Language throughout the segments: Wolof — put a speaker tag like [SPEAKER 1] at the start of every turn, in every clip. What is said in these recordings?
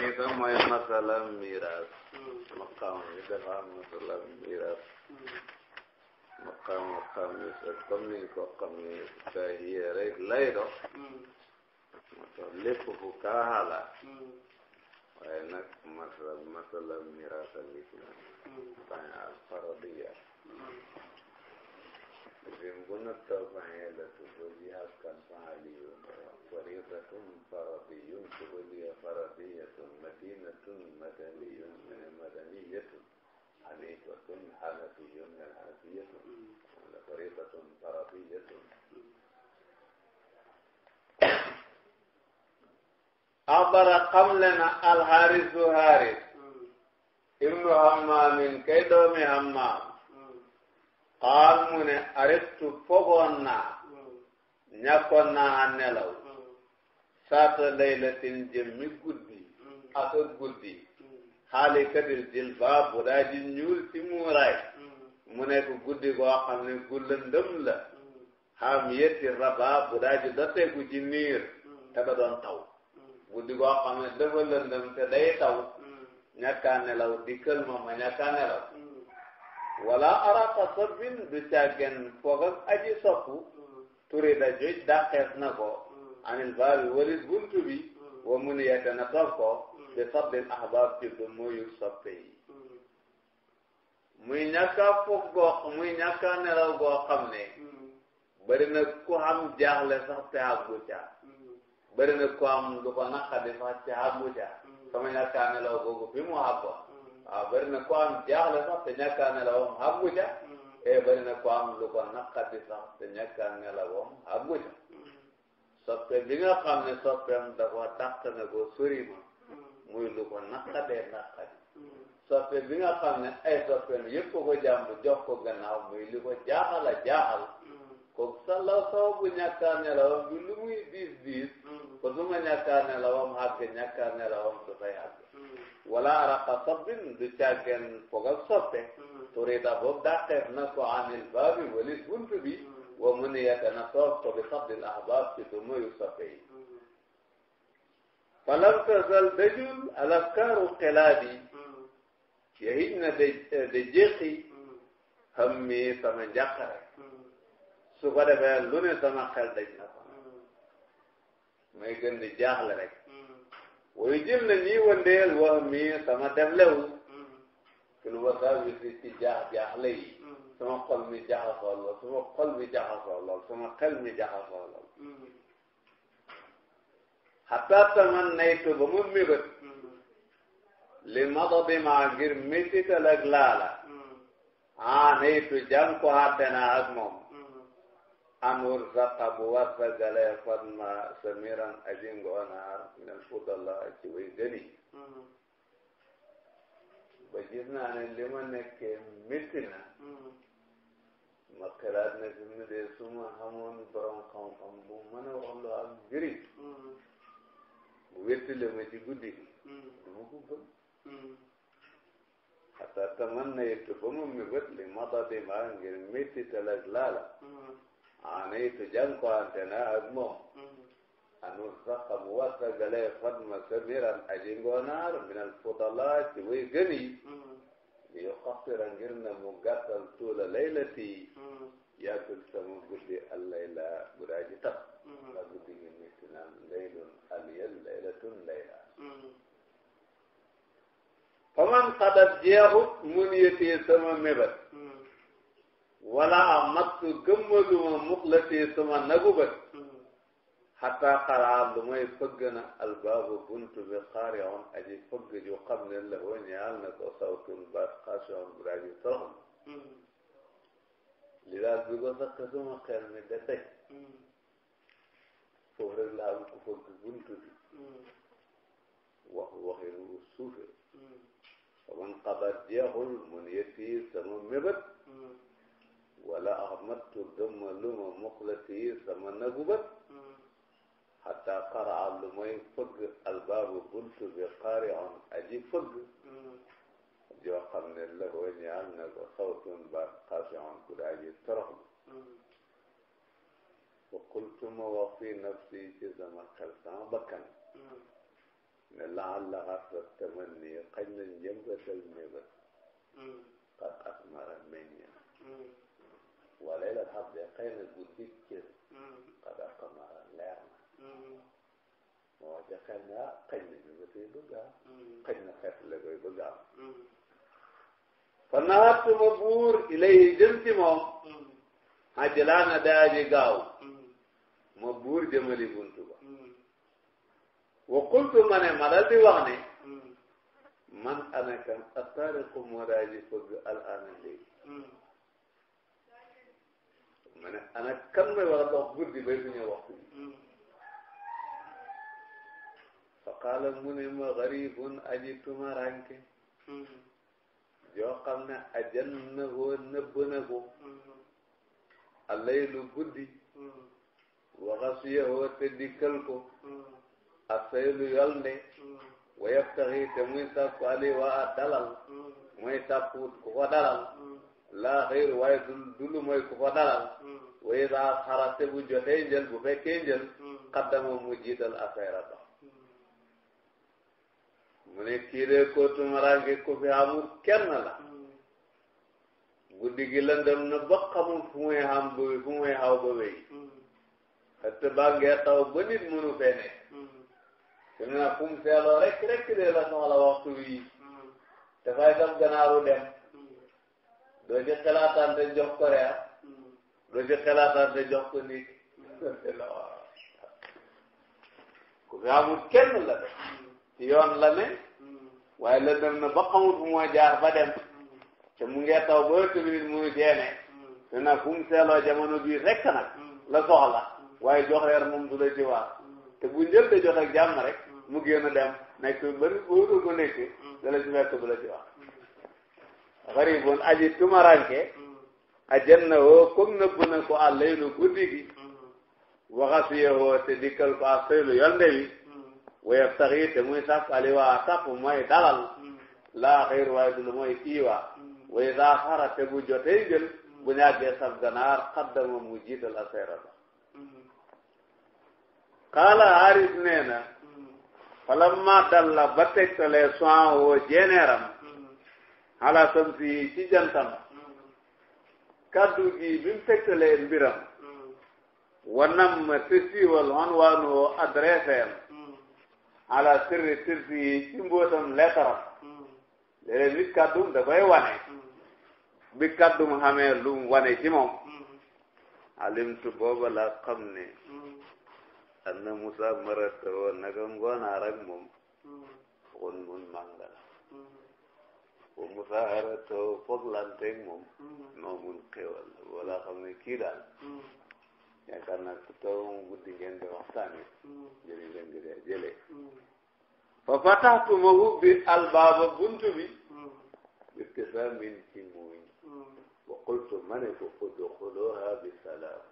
[SPEAKER 1] yi itam mooy masala miraas maqaam bi dafa am masala miraas maqaam maqaam bi sax comme ni ko xam ne ka yee rek lay dox moo tax lépp fu kaa xaala waaye nag masala masala miraas a ngi ci bañ al faradiya lim bu na taw bañ la tudd ji hakkan bañ a lii فريضة فرضي وهي فرضية متينة مدني مدنية حنيفة حنفي حنفية فريضة فرضية عبر قبلنا الحارث حارث ابن همام كي دوم همام قال من عرفت فوقنا ñàkkoon naa nelaw saata laylatin jëmmi guddi mm. ak guddi mm. xaali kadir jilbaab bu daa di ñuul ci muuraay mm. mu nekk guddi goo xam ne gu la xam yetti rabaab bu daa di dotteeku ci niir te doon taw guddi goo xam ne dafa lëndëm te day taw ñàkkaa nelaw dikkal ma ma ñàkkaa nelaw wala araka sobin aji soppu turi da joj dàqees na ko anil baabi walis buntu bi wa mun yete na toog ko di saddil ahbaab ci du muyu soppe yi muy ñàkkaa foog goo muy ñàkkaa nelaw goo xam ne bëri na ku am jaaxle sax te àggu ku am lu ko naqadi sax te àggu ca sama ñàkkaa nelaw googu fi mu àggoon waaw bëri ku am jaaxle sax te ñàkkaa nelawam àggu ca e bëri ku am lu ko naqadi sax te ñàkkaa nelawam àggu ca soppe bi nga xam ne soppeem dafa dàq na ko sori ma muy lu ko naqadee naqadi soppe bi nga xam ne ay soppeem yëpp ko jàmb jox ko gannaaw muy li ko jaaxal a jaaxal kooku sala saw bu ñàkkaa nelawam bi muy diis diis ko su ma ñàkkaa nelawam xàgg ñàkkaa nelawam su fay xàgg wala araqa sabbin du càggeen foog ak soppe turida boobu dàqeef na ko anil baabi walis bunt wa mu ni yatana toog ko bi fadlil ahbaab ci du muyu soppe yi falam tazal dajul al afkaaru xilaadi yahij na de jéqi xam mi sama njàqare su ko defee lu ne sama xel daj na ko may gën di jaaxle rek
[SPEAKER 2] wayu jëm na ñii wëndeel wax mi
[SPEAKER 1] sama deflewu kil wasaawisi ci jaax jaaxle yi sama xol mi jaxasoo lool sama xol mi jaxasoo lool sama xel mi jaxasoo lool xataa taman naytu ba mu mébét li madadi ma ngir métital ak laala
[SPEAKER 3] ah naytu jàng ko xatte naa ak
[SPEAKER 1] moom anur saqa bu warta galee fatma samiran aji ngoonaar minal ci way ba gis naa ne li ma nekkee na ma xelaat ne fi mu dee su ma xamoon borom xam-xam bu mën a wax lu am njëriñ mm-hmm. mu wéttile ci guddi gi du ma ko gëm mm-hmm. xataa taman na mu mi bët li matati maa ngir métti talag laala mm-hmm. ana it jànkuwante na ak moom anu sax mu wasa galee Fatma Sabiran aji ngoonaar minal fudala ci way gën li yu xattira ngir na mu gàttal tuula laylati hmm. yàggul sama guddi al layla gudaa ji tax nga hmm. guddi gi métti naan laylun aliyal laylatun layla hmm. faman xadat jeexut mun yëtee sama mébét wala amattu gëmmaluma muxlatee sama nagu bët xataa xaraa lu may fëgg na albaabu buntu bi xaari on aji fëgg ju xam ne la ko ñaal na ko sawtun baat xaasi on bu daaji toroxam hmm. li daal bi ko sax suma xel mi da teg hmm. foofu rek laa am ku fëgg buntu bi hmm. wax waxin wu suufe faman xabat jeexul mun yetti sama mébét wala ahmattu dëmma luma muxlati sama nagubat hatta qaraa lu may fëgg albaabu buntu bi qaari on aji fëgg joo xam ne lahoo ñaal na ko sawtun ba xaasi on ku daa ji toroxlu wa qultu ma wax fi nafsi ci sama xel sama bakkan ne laalla xarta tamanni xañ na njëmbatal mébét xat asmara meñña
[SPEAKER 3] walay la xam de xëy
[SPEAKER 1] na guddi cër xat asmara leer na moo ci xel ne ah xëy na ñu ngi bëgg a am. Mm. xëy na xeet la koy bëgg a mm. ilay jëm ci moom. Mm. ajalaan a daa gaaw. ma buur jëmali wa qultu ma ne ma dal di wax ne. man ana kan attaariqu moo daa ji fëgg al ana léegi. ma ne ana kan may wax buur di bay suñu waxtu bi. fa qaala mu ne ma garibun aji tumaranke yoo xam ne ajan na koo nëbb na ko allaylu guddi waxasiyahoo te dikkal ko asaylu yolnde wa yabtaxi te muy sàkku ali waa dalal muy sàkku ku ko dalal laa xëyr waaye du dulu mooy ku ko dalal wa idaa xarate bu jotee njël bu fekkee njël xaddama mu jiital asayra ba mu ne kii de kootu maraange ku fi amul kenn la guddi gi lëndëm na ba xamul fu muy xam ba fu muy xaw ba wéy xëtt baa ngee taw ba nit mënu fene su ne nag fu mu seeloo rek rek de la soxla waxtu wi dafay daf ganaaru dem doo ci xelaatante jox ko reer doo ci nit ku fi amul kenn la de ci yoon la ne waaye la dem na ba xamul fu moo jaar ba dem te mu ngi taw ba ëtt minute muy te nag fu mu jamono bii rekk nag la soxla waaye jox reer moom du la ci waar te bu njël de jox ak jàmm rek mu génn dem nekk bari boobu ko nekk dala la ci wax xaribun aji tumaranke ajan na woo comme nëbb na ko àllaylu guddi gi waxas yee woo te dikkal ko ak sëylu yonde wi waya saxi te muy sàkk aliwaa sàkk mooy dalal laa xëyr waaye du lu mooy kiiwa way saa xara te bu jotee jël bu ñàggee sab ganaar xaddama mu jiital aseera la
[SPEAKER 3] xaala haaris
[SPEAKER 1] nee na falamma dalla ba tegtalee soin woo jeeneeram xala sam ci jantam kaddu gi bi mu tegtalee mbiram wanam te siiwal xon waanu woo adresseem ala sirri sirri yi ci mbootam leetaram léeg-léeg nit wane bi kàddum xamee lu mu wane ci moom alimtu booba laa xam ne anna Musa marata woon naka ngoonaar ak moom xun mun mànga la wa Musa arata foog lanteeg moom noo mun xéwal wala xam ne kii daal yaakaar naa ku toogum guddi ngeen di waxtaan yi jëriñ ngeen di dee jëlee bi bitti min mm. ci muuñ wa qultu ma ne ko udxuluha bi salaam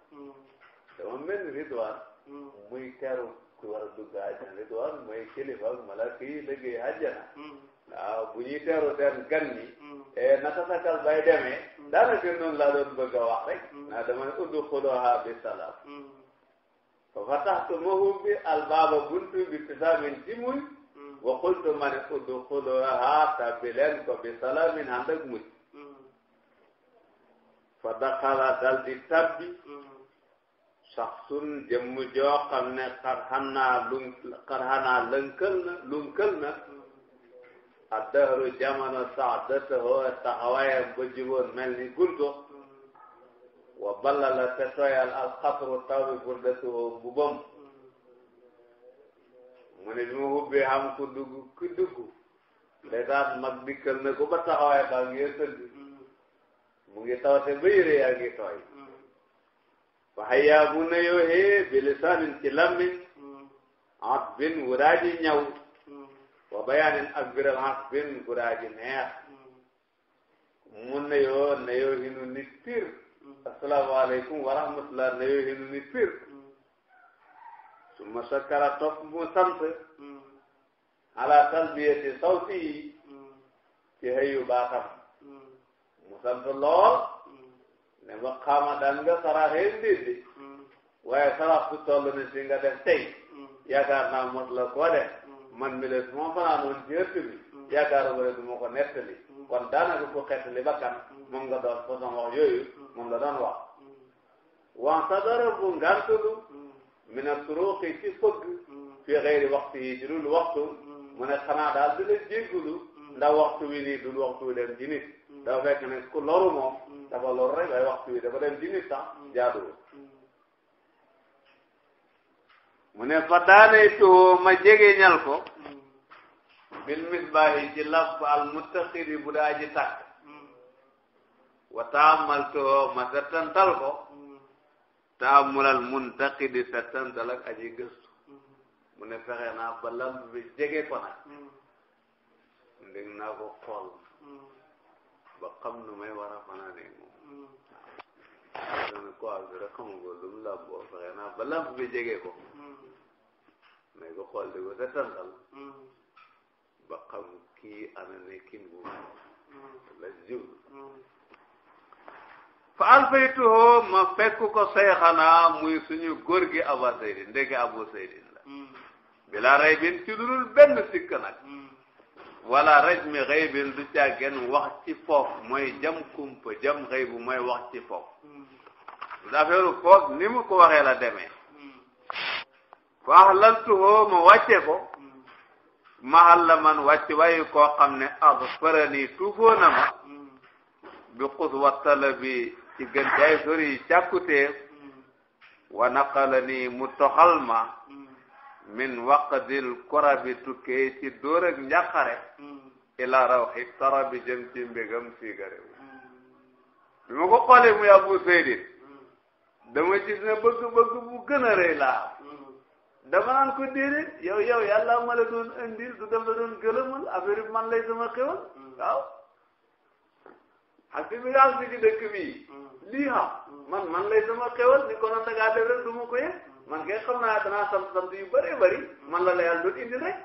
[SPEAKER 1] dama mel ni ridwaan mm. mm. ¿eh? ¿ah? muy teru ku war a dugg àjjana ridwaan mooy kilifa ak malaaka yi liggéey àjjana waaw bu ñuy teeru seen gan ñi hmm. eh, naka sakal bay demee hmm. daanaka noonu hmm. bi salaam fa fatahtumuhu bi albaaba buntu bi tisaamin ci muñ wa qultu ma ne udxuluha ko bi salaamin ànd ak muñ fa daxala dal di tabbi saxsun jëmm joo ne xarxanaa lun xarxanaa lënkël na addahru jamono saadatahu taxawaayam ba juboon mel ni gurgo wa ballala te tooyal alxatru taw bi burdatuhu mbubam mu ne bi ma hubbee ku dugg ku dugg ndeysaan mag dikkal na ko ba taxawaay baa ngi mu ngi tawte ba yére yaa ngi fa hayyaa bu na yoo hee bi lisaanin ci lammin at bin wuraaji ñaw wa bayaanin ak biral hans bin guraaji neex mu neyoo neyoo hinu ni pir assalaamu aleykum wa rahmatullah neyoo hinu ni pir su ma sakkara topp mu sant ala talbiyati sawti ci xëyu baatam mu sant lool ne ma xaama daan nga saraxee ndindi waaye sarax su toll ni si nga def tey yaakaar naa mos la man mi leen su mm. ma fanaanoon ci ëtt bi yaakaaruma ne du ma ko nettali mm. kon ko ku xettali bakkan mm. moom nga doon façon wax yooyu moom la doon wax wan sadara bu ngantulu mi ne turuqi ci fëgg fii xëyri waxtu yi ci dul waxtu mu ne xanaa daal di la jéggulu ndax waxtu wi nii dul waxtu wi dem ci nit dafa fekk ne ku waxtu wi dem ci nit sax jaaduwul mu ne fa daanay ma jege ñal ko bil misbaahi ci làmp al muttaxiri bu daa ji tàkk wa taamal tuho ma settantal ko taamul al muntaqidi settantal ak aji gëstu mu ne fexe naa ba làmp bi jege ko nag ndég naa ko xool ba xam nu may war a fanaa dana ko am bi rek xamagoo lu mu naa ba bi jege ko mais nga xool di ko setantal ba xam kii ana nekkin bu la jiw fa alfaytuhu ma fekk ko sayxanaa muy suñu góor gi aba saydin ndeke abu saydin la bila raybin ci benn sikk hmm. wala rajmi xëybin du càggeen wax ci foof mooy jam kumpa jam xëy mooy wax ci du affaire kook ni mu ko waxee la demee fa ahlaltuhu ma wàcce ko mahal la man wàcce waaye koo xam ne azfarani tuufoo na ma bi xuswa talabi ci gën caay sori yi càkkuteef wa naqalani mu toxal ma min waqdil korabi tukkee ci dóor ak njàqare ila rawxi tarabi jëm ci mbégam siigarewu bi ma ko xoolee muy abu seydin dama gis ne bëgg-bëgg bu gën a rëy laa dama naan ko déedéet yow yow yàlla ma la doon indil man lay sama xewal waaw ak bi daal man man lay sama ni ko noon da ngaa def rek du ma ko yëg man kay xam naa danaa sant sant yu man la la yàlla doon indil rek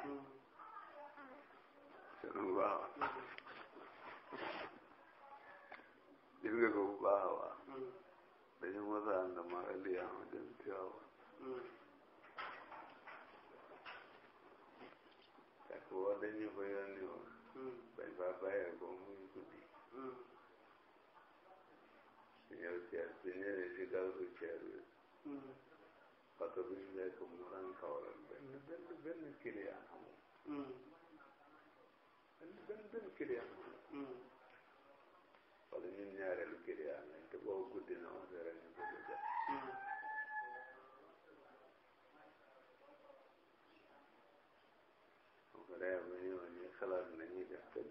[SPEAKER 1] waaw dañu mos a ànd ma aliya ma dem Tiwaawan fekk woo dañu ko yónni woon bañ fa bàyyee ko muy guddi su ñëw Cees su ñëwee si gàllu Cees bi oto bi ñu nekk mu ran kawalan benn benn benn client amul benn benn benn client amul wala ñun ñaareelu client lañ te boo guddi na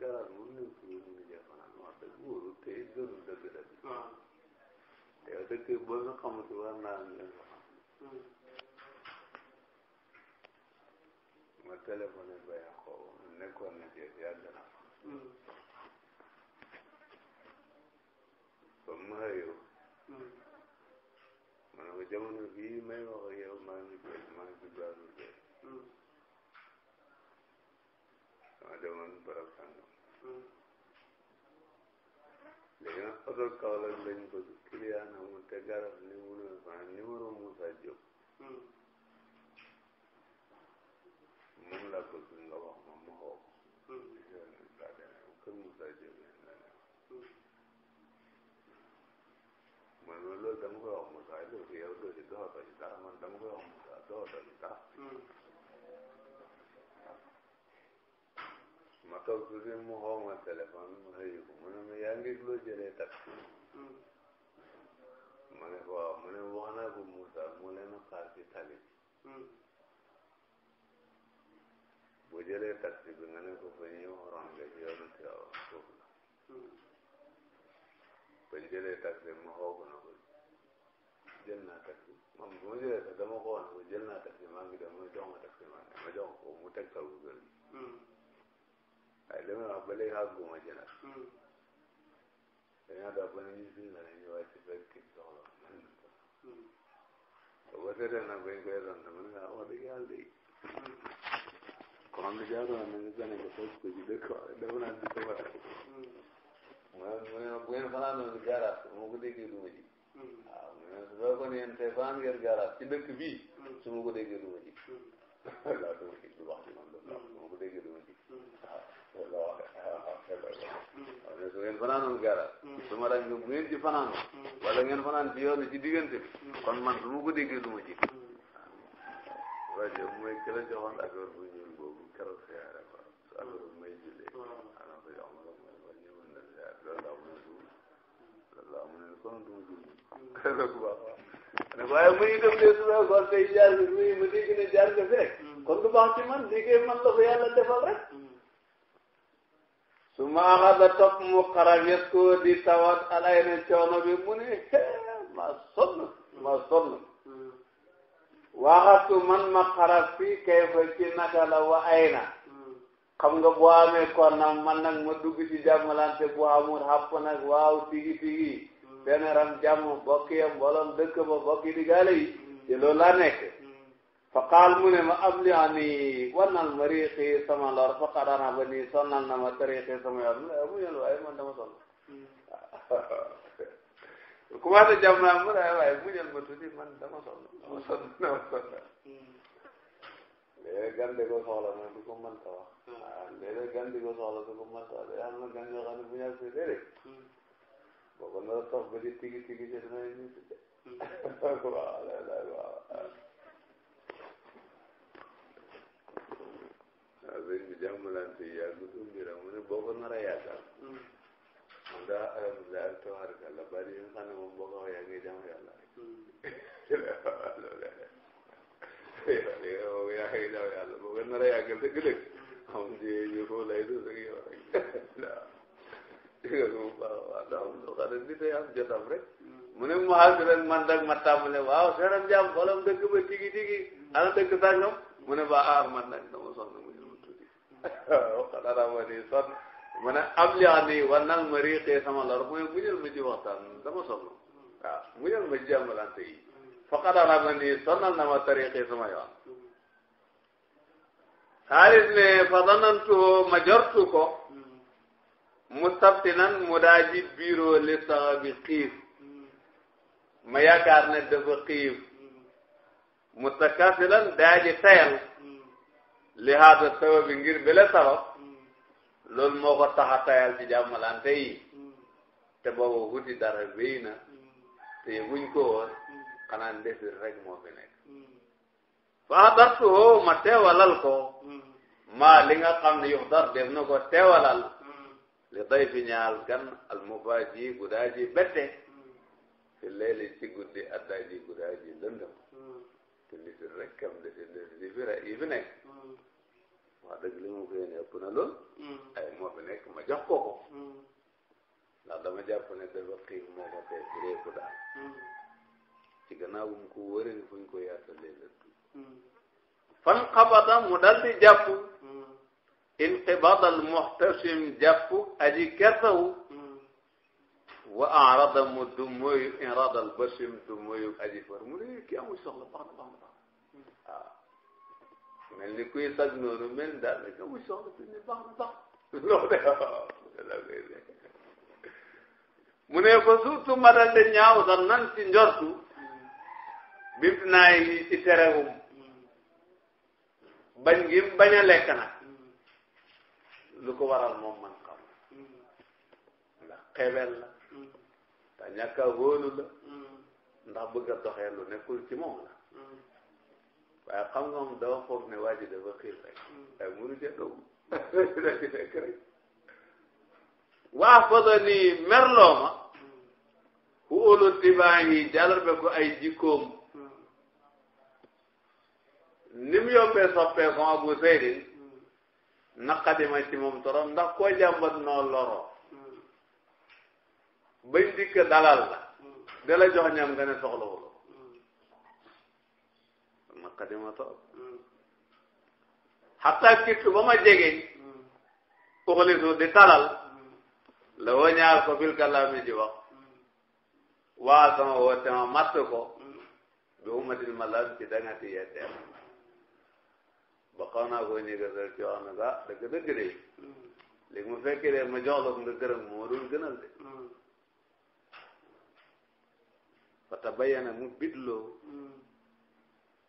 [SPEAKER 1] garaan mun nañ fi ñu ñu jafanaan wax dëgg wóoru te gënu dëgg dëgg te yow dëkk boo nga xamati war naa am leen ko xam ma téléphoné ba yàqoo nekkoon na ci yàgg na ba ma xëyoo ma ne ko jamono bii may wax ak yow maa ngi jël maa ngi jël maa ngi jël ma demoon barab ñoom oto Kaolack lañ bëgg client amul te garab ni mu ne ma numéro Moussa Diop moom la bëgg nga wax ma ma xoo ko kër Moussa Diop man loolu dama koy wax Moussa yow doo ci doxatoo ci dara man dama koy wax Moussa doxatoo ci ma toog mu xoo ma téléphone mu xëy ko mu ne ma yaa ngi loo jëlee taxi ma ne ko waaw mu ne wax naa ko Moussa mu leen xaar ci tali boo jëlee taxi bi nga ne ko fa ñuy waroon nga ci yoonu Tiwaawan foofu la ba jëlee taxi ma xoo ko na ko jël naa ma jëlee taxi dama ko wax ne ko jël naa taxi maa ngi dem ma jox ma taxi ma jox ko mu tegtal ko gën waaye li may wax ba léegi àgguma ci nag dañoo dox ba ne ñu suñu ne ñu wàcc fekk kii soxla te boo seetee nag bañ koy doon dama ne ah wax dëgg yàlla de comme li jaaroon nañu gane ko fekk ko ci dëkk dafa naan di ko waral mu ne ma bu ngeen fanaan noonu garaas ma ko déggee du ma ji waaw mu ne su fekkoon yéen tey fanaan ngeen garaas ci dëkk bii su ma ko déggee du ma ji laa du ma ji du wax ci man loolu laa ko déggee du ma ji waaw ne su ngeen fanaanoon gara su ma rek bu ngeen ci fanaan wala ngeen fanaan ci yoon ci diggante kon man su ma ko déggee du ma
[SPEAKER 3] ci rajo mooy
[SPEAKER 1] këla joxoon affaire bu ñuul boobu keroog siyaare ko su affaire bu may jullee ana ko jox ma ko ma ñëwoon na siyaare loolu laa mu kon du ma julli loolu man liggéey man la ko yàlla rek summa axada topp mu xarab yas ko di tawat alay na coono bi mu ne ma sonn ma sonn waxatu man ma xarab fii kay ci naka la ayna xam nga boo amee kon nag man nag ma dugg ci jàmmalante bu amul xàpp nag waaw tigi tigi benn ram bokki ya mbolom dëkk ba bokki digale yi
[SPEAKER 3] ci loolu nekk
[SPEAKER 1] Faqaal mu ne ma abli ani wannal ma riixi sama lor faqad ana ba nii sonnal na ma tariixi sama yoon mu ne mu ne waaye man dama sonn commencé jàpp naa mu ne waaye mu ne ma tuuti man dama sonn dama sonn dama sonn léeg-léeg gan di ko soxla mais du ko mën ta wax léeg-léeg gan di ko soxla du ko mën ta wax am na ba di biir ñu jàmmalante mu ne boo ko nar a mu mm. daa aram daal tabarkalla bari ne moom boo ko waxee mm. yaa ngi jàmm yàlla loolu yaa ngi jàmm yàlla boo ko nar a yàggal dëgg-dëgg xam si ñu foofu lay dund ak yow rek waaw waaw waaw daaw loo xam ne nit a am jotam rek mm. mu ne mu xaar ren man dag ma tàmbale waaw seeram jàmm xolam ba tigi tigi ana dëgg sàngam mu ne ba aar ah, man nag dama sonn xanaa ma di sonn mu ne am li wax nii war nag ma riixee sama lor mooy muñal ma ji waxtaan dama sonn waaw muñal ma ji jàmbalante yi faqadara ma nii sonnal na ma tariixee sama yoon xaalis ne fa danantu ma jortu ko mustabtinan mu daa ji biiroo li saxa bi xiif ma yaakaar ne dafa xiif mustakasilan daa ji tayal li haada sababi ngir bile sabab loolu moo ko tax a tayal ci jàmmalante yi te booba wuti dara wéy te yëguñ ko woon xanaa ndefir rek moo fi
[SPEAKER 3] nekk faa dartu hoo ma teewalal ko
[SPEAKER 1] maa li nga xam dar def na ko teewalal li day fi ñaal gan al mufaaji guddaa ji bette fi leeli ci guddi addaa ji guddaa ji lëndëm te ndefir rek kam ndefir ndefir yi fi nekk wax a li mu koy ne ëpp na lool. Hmm. ay moo fi nekk ma jox ko ko. Hmm. ndax dama jàpp ne dafa xiif moo ko tee firee ko daal. Hmm. ci gannaaw bu mu ko wëree fu ñu ko yaatalee la.
[SPEAKER 3] fan xabata mu dal di jàpp.
[SPEAKER 1] inqibadal muxtasim jàpp aji kersawu. wa arada mu du moyu inradal basim du moyu aji far mu ne kii amul soxla baax na baax na baax waaw. mel ni kuy sag noonu mel ni daal nag amul na mu ne fa surtout ma dal ci njortu bim naay lii ci terewum bañ gi bañ a lekk lu ko waral moom man xam ndax xebel la te ñàkk a wóolu la ndax bëgg a doxee lu ci moom waaye xam nga moom dama ne waa ji dafa xiir rek mm. waaye munu ca dugg waa foto ni merloo ma ku mm. óolu tibaa ko ay jikkoom mm. ni yombee soppee ko Abu Zaydin naqadi ma ci moom torop ndax koo jàmbat noo loro bañ dikk dalal la dala jox ñam nga ne soxlawul makka di ma toog xataa kittu ba ma jege uxlisu di talal la woo ñaar ko bil kalaami ji wax waa sama woote matt ko bi umatil malam ci dangati yetteem ba xaw naa koo ñëgasal ci wax ne ko ah dëgg dëgg de léegi mu fekkee ma jox la gërëm moo dul gënal de fa tabayana mu bidloo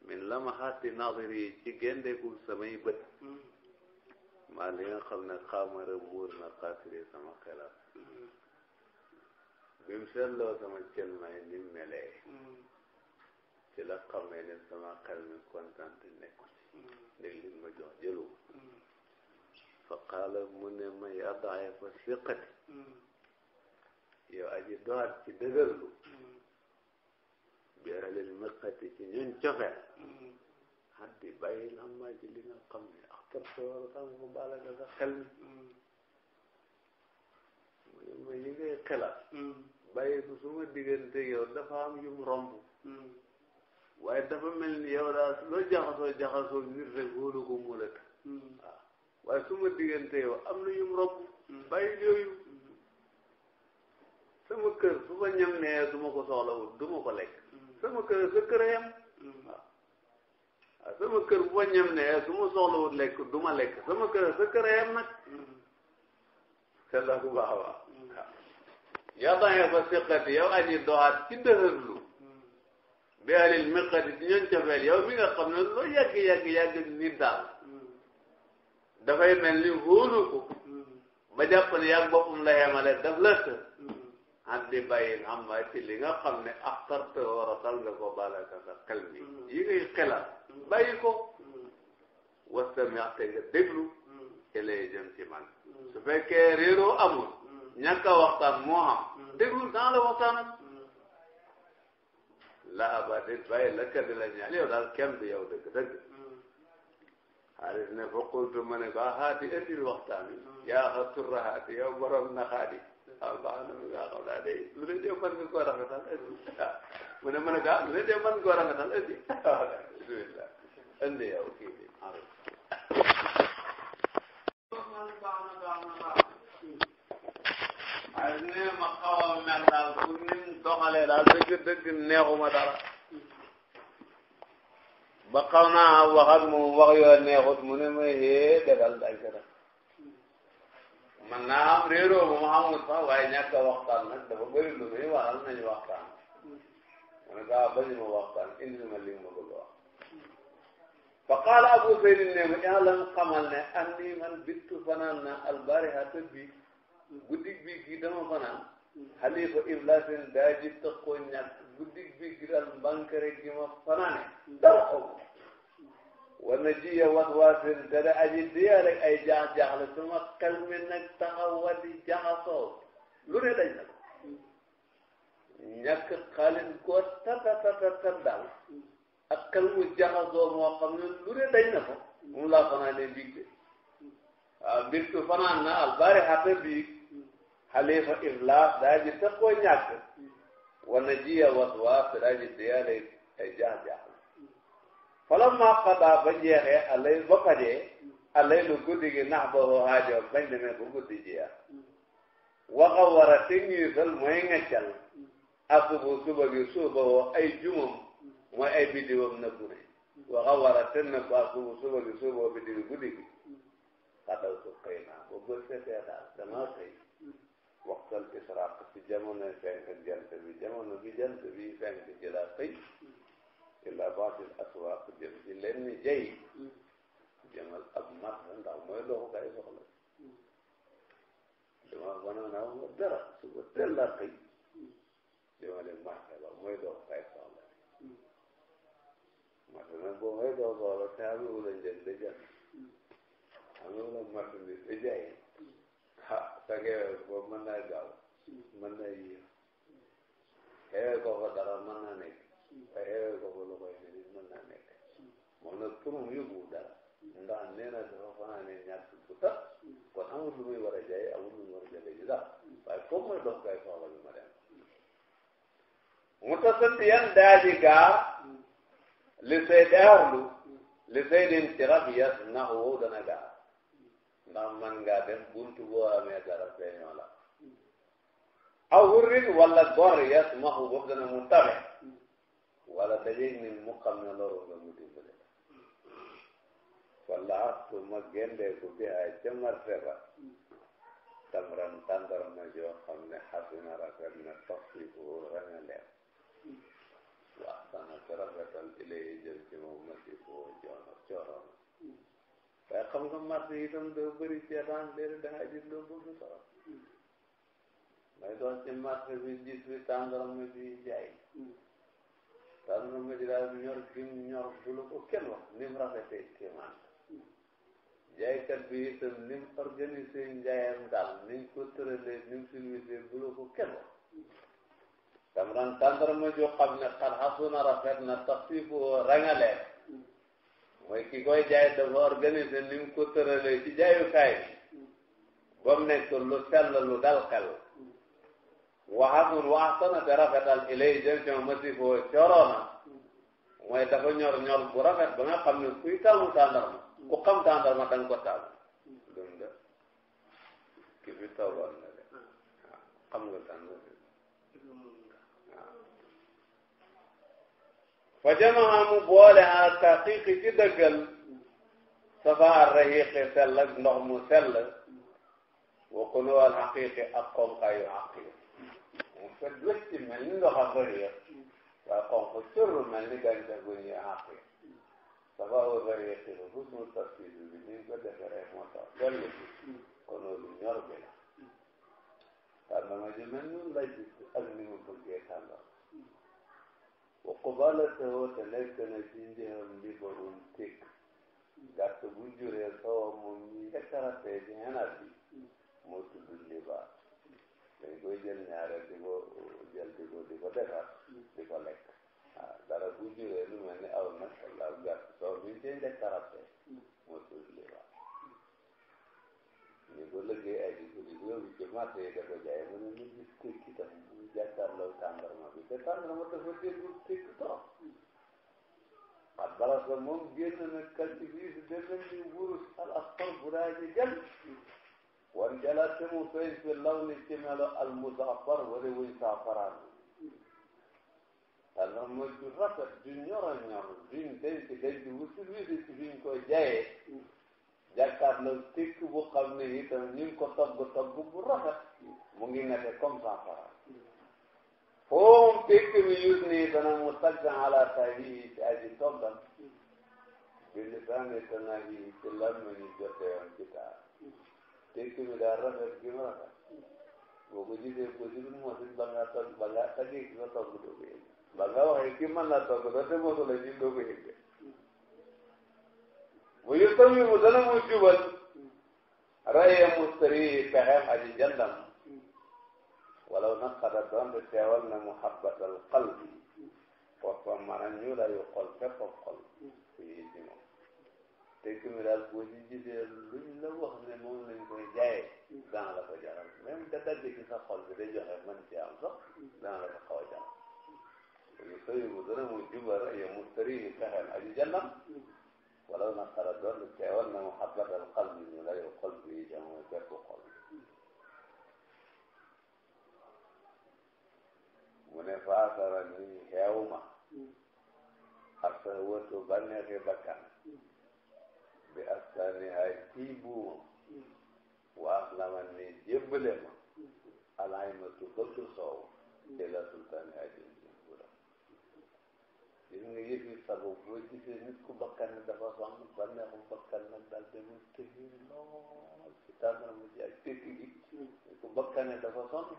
[SPEAKER 1] min lamahaati nadiri ci géndeeku samay bët maa li nga xam ne xaamara muur na xaasiri sama xelal bi mu seetloo sama cel ni melee ci la xamee ne sama xel mi kontaan te nekku ci li ma jox jëlu fa qaala mu ne ma yaa daaye fa siqati yow aji doxat ci dëgërlu bi rajal miqati ci ma mm-hmm. ci li nga xam ne ak kër sa war a tàng mu baala ka sa xel mi mm-hmm. mooy yi ngay xelaat mm-hmm. bàyyi ko suma diggante yow dafa am yum romb waaye dafa mel ni yow daal loo jaxasoo jaxasoo nit rek wóolu ko mu la ah. waaw suma diggante yow am na yum romb bàyyi yooyu sama kër su ma ñam nee du ma ko soxlawul du ma ko lekk sama kër sa kër a yem waaw hmm. sama kër ne su ma soxlawut lekk du ma lekk sama kër sa kër a yem nag seetla hmm. ku baax a baax hmm. yaa ba ngeen fa siqati yow aji doxaat ci bi alil miqati ci ñoon cofeel yow mi nga xam ne loo yàgg yàgg yàgg nit daal dafay mel ni wóolu ko ba jàpp ne yàgg boppam la yemale daf la tër an di bàyyi am ma li nga xam ne axtarta rotal nga ko balaka sa xel mi mm-hmm. yi ngay xelaat mm-hmm. bàyyi ko mm-hmm. wastamexte nga déglu ilay jëm ci man su fekkee réeroo amul ñàkk a waxtaan moo am déglu naa la waxtaan ak la abadit di la ñaan yow daal kenn du yow dëgg-dëgg xaalis ne fa qultu ma ne ko haati andil waxtaan yaa xaturra haati yow borom na xaati ah baax na mu ngaa xam daa day lu ne dee mën nga koo rafetal indi mu ne mën nga lu ne dee mën nga koo rafetal indi bismillah indi yow kii bi ay ne ma xaw a mel daal bu nim doxalee daal dëgg dëgg neexuma dara ba xaw naa waxat moom wax yoo neexut mu ne ma hee defal daal man naa am ma xamul sax waaye ñàkk waxtaan nag dafa bëri lu muy nañu waxtaan mu ne kaa ah, bañu ma waxtaan indi ma li ma bëgg wax fa abu zaydin ne ma yàllan xamal ne man bittu fanaan na albariha ta bii guddig bii gii fanaan xalifa iblasin daa ji tëqoo ñàkk guddig bii gi daal mbankare gi ma wana ji ya wat waasin te da aji diya ay jaax-jaaxle suma xel mi nag wa di jaxasoo lu ne dañ na ko ñàkk xaalin koo tatatatatat daal ak xel mu jaxasoo moo xam ne lu ne dañ na ko moom laa fanaan ne biig de waaw mbir tu fanaan na albaari xata biig xalifa iflaas daa ji sax koo ñàkk wana ji ya wat waas te da ay jaax-jaaxle falammaa qadaa ba jeexee allay ba fajee nax ba hoo haajoom bañ demee bu guddi jeex waxa war a tëngiisal mooy ngeccal asubu suba gi suba hoo ay jumam mooy ay biddiwam na gune waxa war a tën na ko asubu suba gi suba guddi gi xadaw su xëy naa ba bët setee daal damaa xëy waxtal israaq si jamono fenk jant bi jamono bi jant bi fenk ci la ila baatil aswaaq jëm ci leen ni jay jëmal ab marché ndax mooy loo kay soxla dama fanaan aw ma dara suba teel laa xëy jëmale marché ba mooy loo kay mooy loo soxla te amewul la njëg da jël amewul la marché bi da jaay ha sa kewee ko mën naa gaaw mën naa yéex kewee ko ko dara waaye yooyu ko lu koy mel it mën naa nekk moom nag turam yóbbu dara ndax nee na dafa fanaane ñaar bu kon amul lu war a jaay amul lu muy war a jaay ji sax waaye comme mooy kay soxla bi ma dem mu tasant yan daa gaa li say deewlu li say din ci rab yas wow dana gaa ndax man ngaa dem buntu boo amee dara feeñoo la aw hurrin wala gor yas maxu boobu dana mu tabe wala dajeeg nit mu xam ne loru nga mu dimbale wala astu ma gendeeku bi ay ca martaba tamran tàndarma joo xam ne xasina rafet na tox fi oo rangaleem waa sana ci rafetal ilee jël ci moom ma ci oo joono cooroon waaye xam nga marché itam doo bëri seetaan léegi da ngaa jël loo bëgg solo may doon ci marché bi gis bi tàndarma bi jaay taanu ma ji daal ñor gi ñor bu la ko kenn wax ni mu rafetee kéemaan jaaykat bi itam ni mu organisé njaayam daal ni mu ko tëralee ni mu silwisee bu la ko kenn wax tamran tàndarma joo xam ne xar xasuna rafet na tax si foo mooy ki koy jaay dafa organisé ni mu ko tëralee ci jaayukaay bi ba mu nekk lu sell lu dal xel waxatul waxtana te rafetal ilay jëm ci masifoo coroona mooy dafa ñor ñor bu rafet ba nga xam ne kuy taamu tàndarma ku xam tàndarma da nga ko taamu dum da ki fi toogoon na de waaw xam nga tàndarma fa jamaa mu boole al taqiqi ci dëggal safa ar rahiqi sell ak ndox mu sell wa kunuwal xaqiqi ak xonqaayu xaqiq set wecc mel ni ndox a bëri yëpp waaye xonk cërru mel ni gàncax gu ñuy àq yi safa wa bëri yëpp la husnu tafsir ni ko defaree moo tax dellu ci kon loolu ñor bi la tàndama ji mel noonu la gis ak ni mu bëggee tàndam wa qubala sewoo te nekk na ci njëxam li barum tig gàtt bu juree sowoo moom ñi njëkk a rafet ci xenaat bi moo tudd libaar dañ koy jël ñaareel di ko jël di ko di ko defar di ko lekk waaw ah, dara bu juree lu mel ni aw nag la gàtt soo biñ cee li waaw ñu ko lëggee ay di ko di yóbbu ci marché yi da ko jaay mu ne ñu gis kër gi tam mu jàkkaarloo tàndarma bi te tàndarma dafa gi toog na kalti bi si dem nañ di wurus al asfal bu ji jël wan jala te fi law ni ci melo al musaafar wala wuñ saafaraan alors mooy du rafet du ñoro ñor duñ denc denc wu si biir si biñ ko jaayee jàkkaarloo tekk bu xam ne itam ñu ngi ko togg togg bu rafet mu ngi nekk comme saafaraan
[SPEAKER 2] foo tekk mi yus nii dana
[SPEAKER 1] mu taggan ala sahi ci aji toggam bi lisaani tanahi ci lan ma ñu jotee woon ci taar tekki bi daal rafet gi ma rafet boo ko gisee ko si biir moom ba nga togg ba nga tajee ki nga togg doo ko yëg ba nga waxee ki mën naa togg doo te mosu la ci doo ko yëg de bu yëg tamit mu dana mu jubal raye mustari pexeem aji jandam walaw naqada doon de teewal na muhabbatal qalbi foofa maanaam ñu la yu xol fépp xol ku yi ci moom dëkk mi daal boo ci gisee luñ la wax ne moom lañ koy jaayee dana la ko jaral même da dagg ci sa xol bi day joxe man ci am sax dana la ko xaw a jaral
[SPEAKER 3] yu sëyu bu dana mu jubar ya mu tërii
[SPEAKER 1] fexeel aju jannam wala na xara doon teewal na mu xablatal xal bi ñu layo xol bi yi jamono bépp xol mu ne faasara ni xeew ma ak sa wëtu bànneexi bakkan bi askaniha kii buumam waas la ma ni jébbale ma alaymatu bëgg soow te la sultaniha jëm jëm buram gis nga yëfi sabab boo gisee nit ku bakkan dafa sonn bànneexu bakkan nag daal de mu tëhi lool ci tànn mu jaay tekk gi nit ku bakkan dafa sonn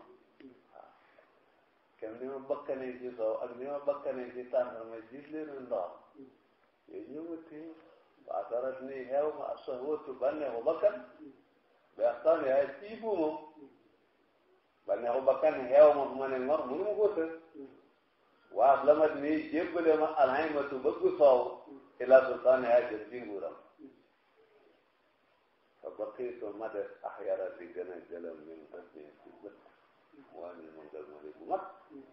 [SPEAKER 1] ma bakkanee ci soow ak ma bakkanee ci tànn ma ndox yooyu ñëw ma téye waatarat ni xew ma sahwatu bànneexu bakkan bi axtaani ay tiibu moom bànneexu bakkan xew ma fu ma ne ngor mënu ma ko tëj waa aslamat ni ma alhaymatu bëgg soow ila sultaani ay jëm ci nguuram fa baqiitu ma des axyara di gën a jëlam min rabbi ci bët waa ni ma ngal ma di bu mat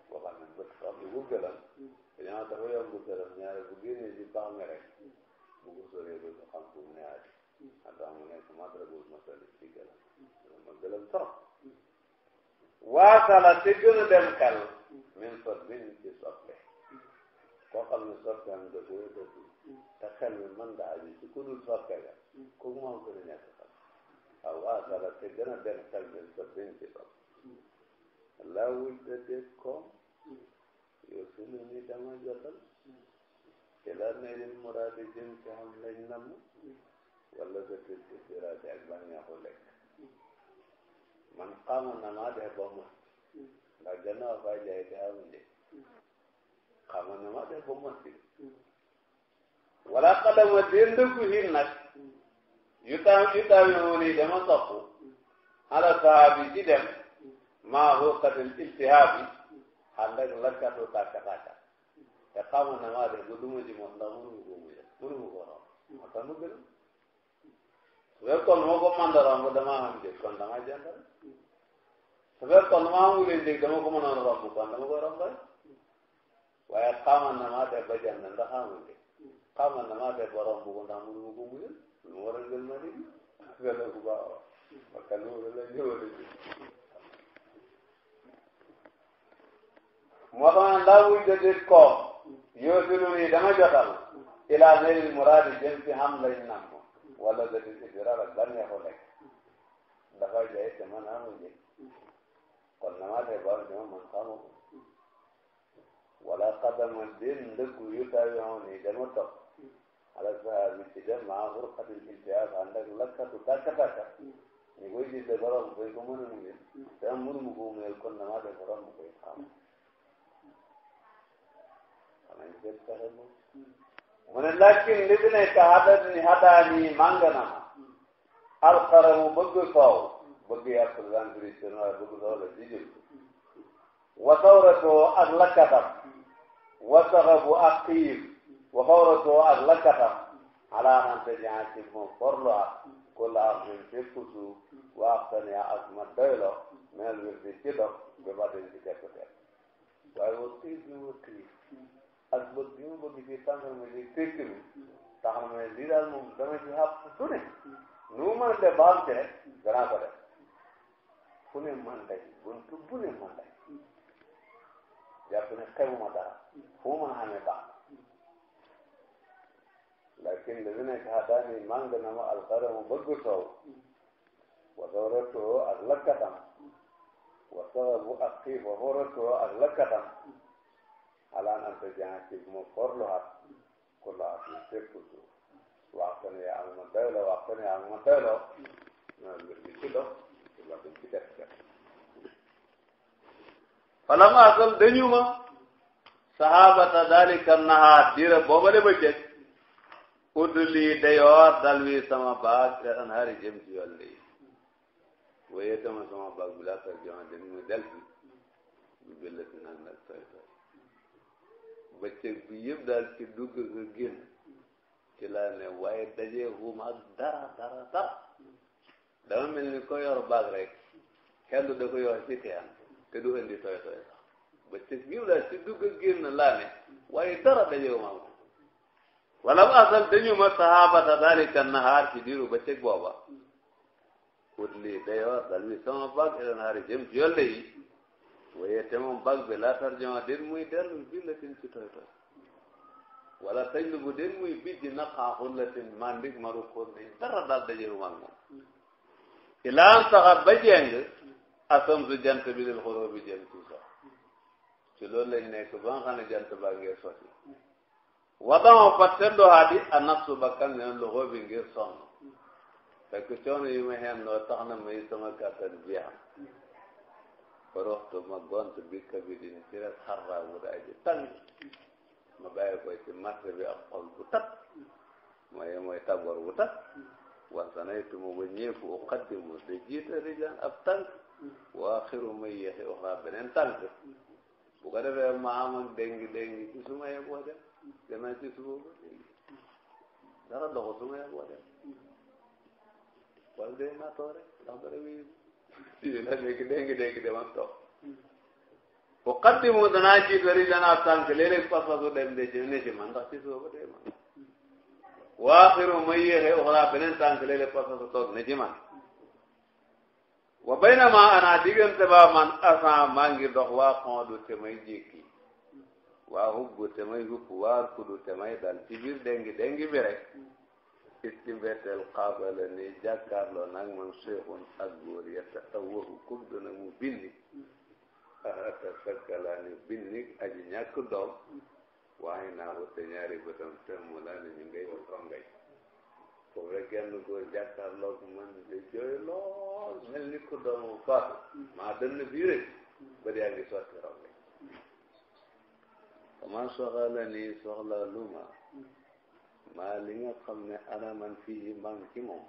[SPEAKER 1] boo xam ne bët xam ne bu gëlam dañoo dafa yomb gëlam ñaare bu génnee ci baax mi rek bu ko soree du xam fu mu ne aji a tax mu nekk madrabul masali ci gëlam ma gëlam trop waasala te gën a dem kal min sot bin ci soppe koo xam ne soppe am da koo dëgg te xel mi mën nga aji ci ku dul soppe ga kooku moo gën a nekk xam waaw waasala te gën a dem kal min sot bin ci soppe laa wujda dég koom yow su ne ni dama jotal ila naylil muraadi jëm ci xam lañ nam wala sa til ci siraati ak bànneexu lekk man xaama namaa dee ba mot ndax gannaaw faa jaay te am de xaama namaa dee ba mot de wala xadama dénd ku hin nag
[SPEAKER 2] yu yu taam yoo
[SPEAKER 1] nii dama sopp ala saabi ci dem maa xuuqatil ijtihaabi ànd ak lakkatu tàkka te xamu ne maa de gudduma ji moom ndax mënu ko mu yëg mënu ko romb moo tax mu gën
[SPEAKER 2] su fekkoon moo ko mën a romb damaa am
[SPEAKER 1] njëg kon dama jënd rek su fekkoon maa amul njëg dama ko mën a romb kon dama ko romb rek waaye xamal na maa de ba jënd ndax amul njëg xamal na maa de ba romb ko ndax mënu ko mu yëg lu war a jël ma di gën a bu baax parce que loolu la ñëwal moo tax ndax muy jëndee yoo si lu dama jotal ilaa zeyril muraadi jëm ci xam lañ wala zeri idrar ak bànneexu rek dafa jaay te man amu njëg kon namaa man xamu ko wala xadama den ndëggu yu tawoo nii dama topp ala saa bi ci dem maa xur xatil intiyaas ànd ak lakkatu tàkka tàkka ñu koy gis de borom koy ko mën a mungil te am mënu mu ko mungil kon namaa de borom koy xamu mu ne lakin li fi nekk hadani hadani mànga na ma alxaramu bëgg soow bëgg yàpp l'entretien bëgg soow la jijil wasawratoo ak lakkatam wasaxabu ak xiif waxawratoo ak lakkatam alaamante ñaa ci moom forlo ak kula ak min fépp suuf waa sania ak ma mel wir di ci bi ba dañ ci jekk waaye wa xiif ni wa xiif ak bëgg bi mu bëgg fii tàndarma ji tekki bi tax na ma ne lii daal moom dama ci xàpp su ne nu mu mën de baal ci rek danaa ko def fu ne man day buntu bu ne man day jàpp ne xewuma dara fu mu mën a xamee baax lakin li nekk hadaani màng na ma alqadamu bëgg soow wa dooratoo ak lakkatam wa sababu ak xiif halaan anta jaan ci mu forlu hat ku lahat mu sépp suuf waxtaan yaa ak ma doylo waxtaan yaa ak ma doylo noonu lu ci ci dox la ko ci def def fala ma asal dañu ma sahabata dalika nahaar dira boobale ba jëkk udd lii dayoor dal wi sama baag te an hari jëm ci yoon lii waye tama sama baag bi laa tar jama dem muy del bi bi bella si nag nag toy toy bëccëg bi yëpp daal ci dugg nga génn ci laa ne waaye dajee xuma dara dara dara dama mel ni ko yor baag rek kenn da ko yor ci teen te du indi tooy tooy sax bëccëg bi daal ci dugg a génn laa ne waaye dara dajee xuma wala mu asal dañu ma sahabata dalika nahaar ci diiru bëccëg booba ut lii dayoor dal wi sama baag ila nahaar jëm ci yolle yi waaye te moom bag bi laa tarjuma den muy dellu bi la tin ci toy toy wala tañ lu bu den muy bit di naqaaxul la tin mandik maru koon nañ dara daal dajeru mag moom ilaan saxa ba jeng asam su jant bi del xoroo bi jëm ci sax ci loolu lañ nekk ba nga xam ne jant baa ngee sotti wadama fatte ndoxaadi a nafsu bakkan neen loxoo bi ngir sonn fekk coono yi ma xeen loo tax na may sama kàttan jeex faruxtu ma gont bi kabidin ci rek xarraa bu daa ji tàng ma bàyyi ko ci marché bi ak xol bu tat mooy mooy tagoor bu tat wasanaytu ma wëññeeku uqaddimu di jiite rijan ab tànk waa xiru may yéexi uxraa beneen tànk bu ko defee ma am ak déngi déngi ci suma yeboo dem dana ci suba ba dara doxu suma yeboo dem wala day naa toore ndax dara wéyu la léegi léegi léegi demal toog bu xaddi mu danaa ci bëri de ci ne ci man ndax ci suba dee man waa xiru maa ngi dox waa xondu ci biir dengi istibetel xaabala ni jàkkaarloo nag man seexun ak góor ya te awahu kub dana mu binni ahata sakkalaani binni aji ñàkk doom waaye naa ko ñaari bëtam temmu laa ne ñu ngay mu tongay bu fekkee nu góor jàkkaarloo man jooy lool mel ni doomu faatu maa dënn bii rek ba yaa ngi sotti rongay kaman soxala ni soxla luma maa li nga xam ne man fii man ci moom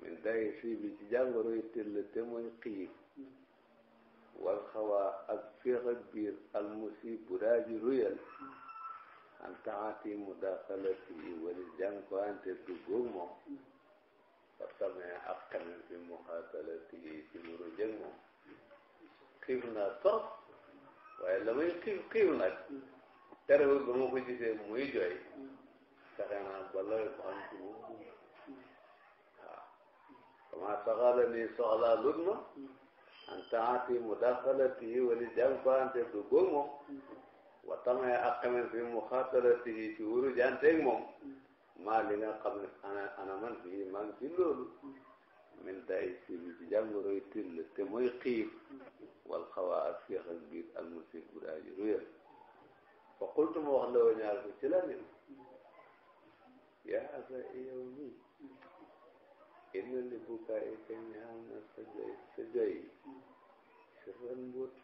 [SPEAKER 1] min day fii bi ci jàngoroy tëll te mooy xiif wal xawaa ak féex ak biir al musib bu daa ji ruyal an taati mudaxalati wali jànkoante duggoog moom fa tamee ak xamen fi muxaatalati ci muru jëg moom xiif naa trop waaye la may xiif xiif nag terewul ba ma ko gisee muy jooy fexe naa ba looy ba am ci moom waaw comment soxala nii soxlaa lut ma en tant que mu daxalati wala jàmpante du góor moom wa tamay ak xamen fi mu xaatalati ci wuru janteeg moom maa li nga xam ne ana ana man fii maa ngi ci loolu min day si ci jàngoroy til la te mooy xiif wal xawaa ak féex ak biir al musib bu daa ji ruyal fa qultu ma wax la ñaar ko ci la nin yaa asa yow mi inna li bukaayika ñaal na sa jooy sa jooy sirran mbuut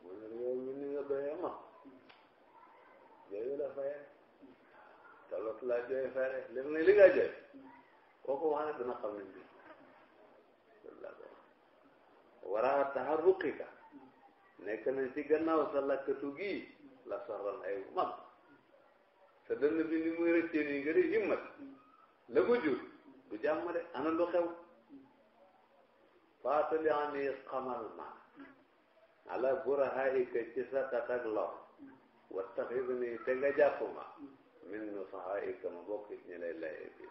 [SPEAKER 1] mu ne yow mi ni nga doyee ma jooyu la faye talot la jooy fere lépp ne li nga jooy kooku wax na dina xam ne waraa taxarruqika nekk na ci gannaaw sa lakkatu gi la sarran ay mag te dënn bi ni muy rëccee nii nga di himmat la ko jur ana lu xew faatali ani xamal ma ala burahaika ci sa tatak lor wattaxid nii te nga jàpp ma min nusahaika ma bokk ñi lay laye bi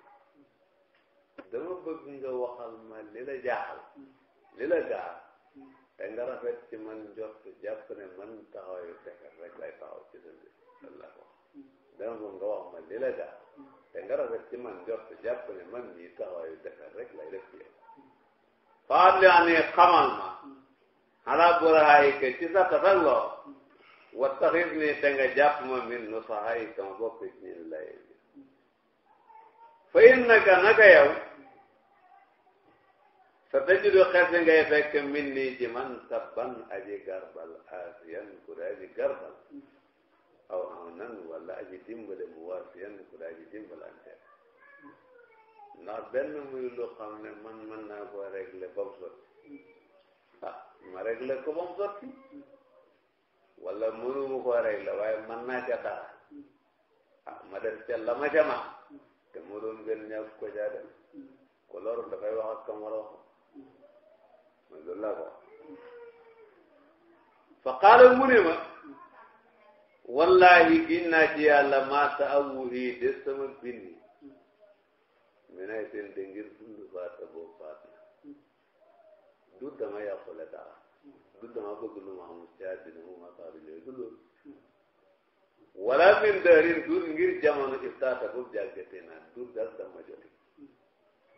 [SPEAKER 1] dama bëgg nga waxal ma li la jaaxal li la gaar te nga rafet ci man jot jàpp ne man taxawayu fekk rek lay taxaw ci sa bi dama nga wax ma li la daal te nga rafet ci man jot jàpp ne man mii taxawaayu defar rek lay def ci yow li ani xamal ma xanaa burahayi ke ci sa tatanloo wa taxit ni te nga jàpp ma min nu sahayi kama bokk ci ñin lay fa innaka naka yow sa tajidu xese ngay fekk min nii ci man sabban aji garbal asiyan ku aji garbal aw awnan walla aji dimbale mu war si yenn ku daa ji dimbalante ndax benn muy lu xam ne man mën naa koo régler ba mu ah, ma régler ko ba mu sotti walla mënuma koo régler waaye mën naa ca dara ah ma def ca ma ca ma mu doon gën ñàkk ko caa dem ko loolu dafay wax ak kam war ma loolu laa ko fa qaala mu ne ma wallahi gin naa ci yàlla maa sa awuhi de sama bindi mi nay seen de ngir dund faata boo faata du dama yàqule dara du dama bëgg ma amul mu ma faatu yooyu du loolu min darin dur ngir jamono istaata bu jàggate naa dur dal dama joti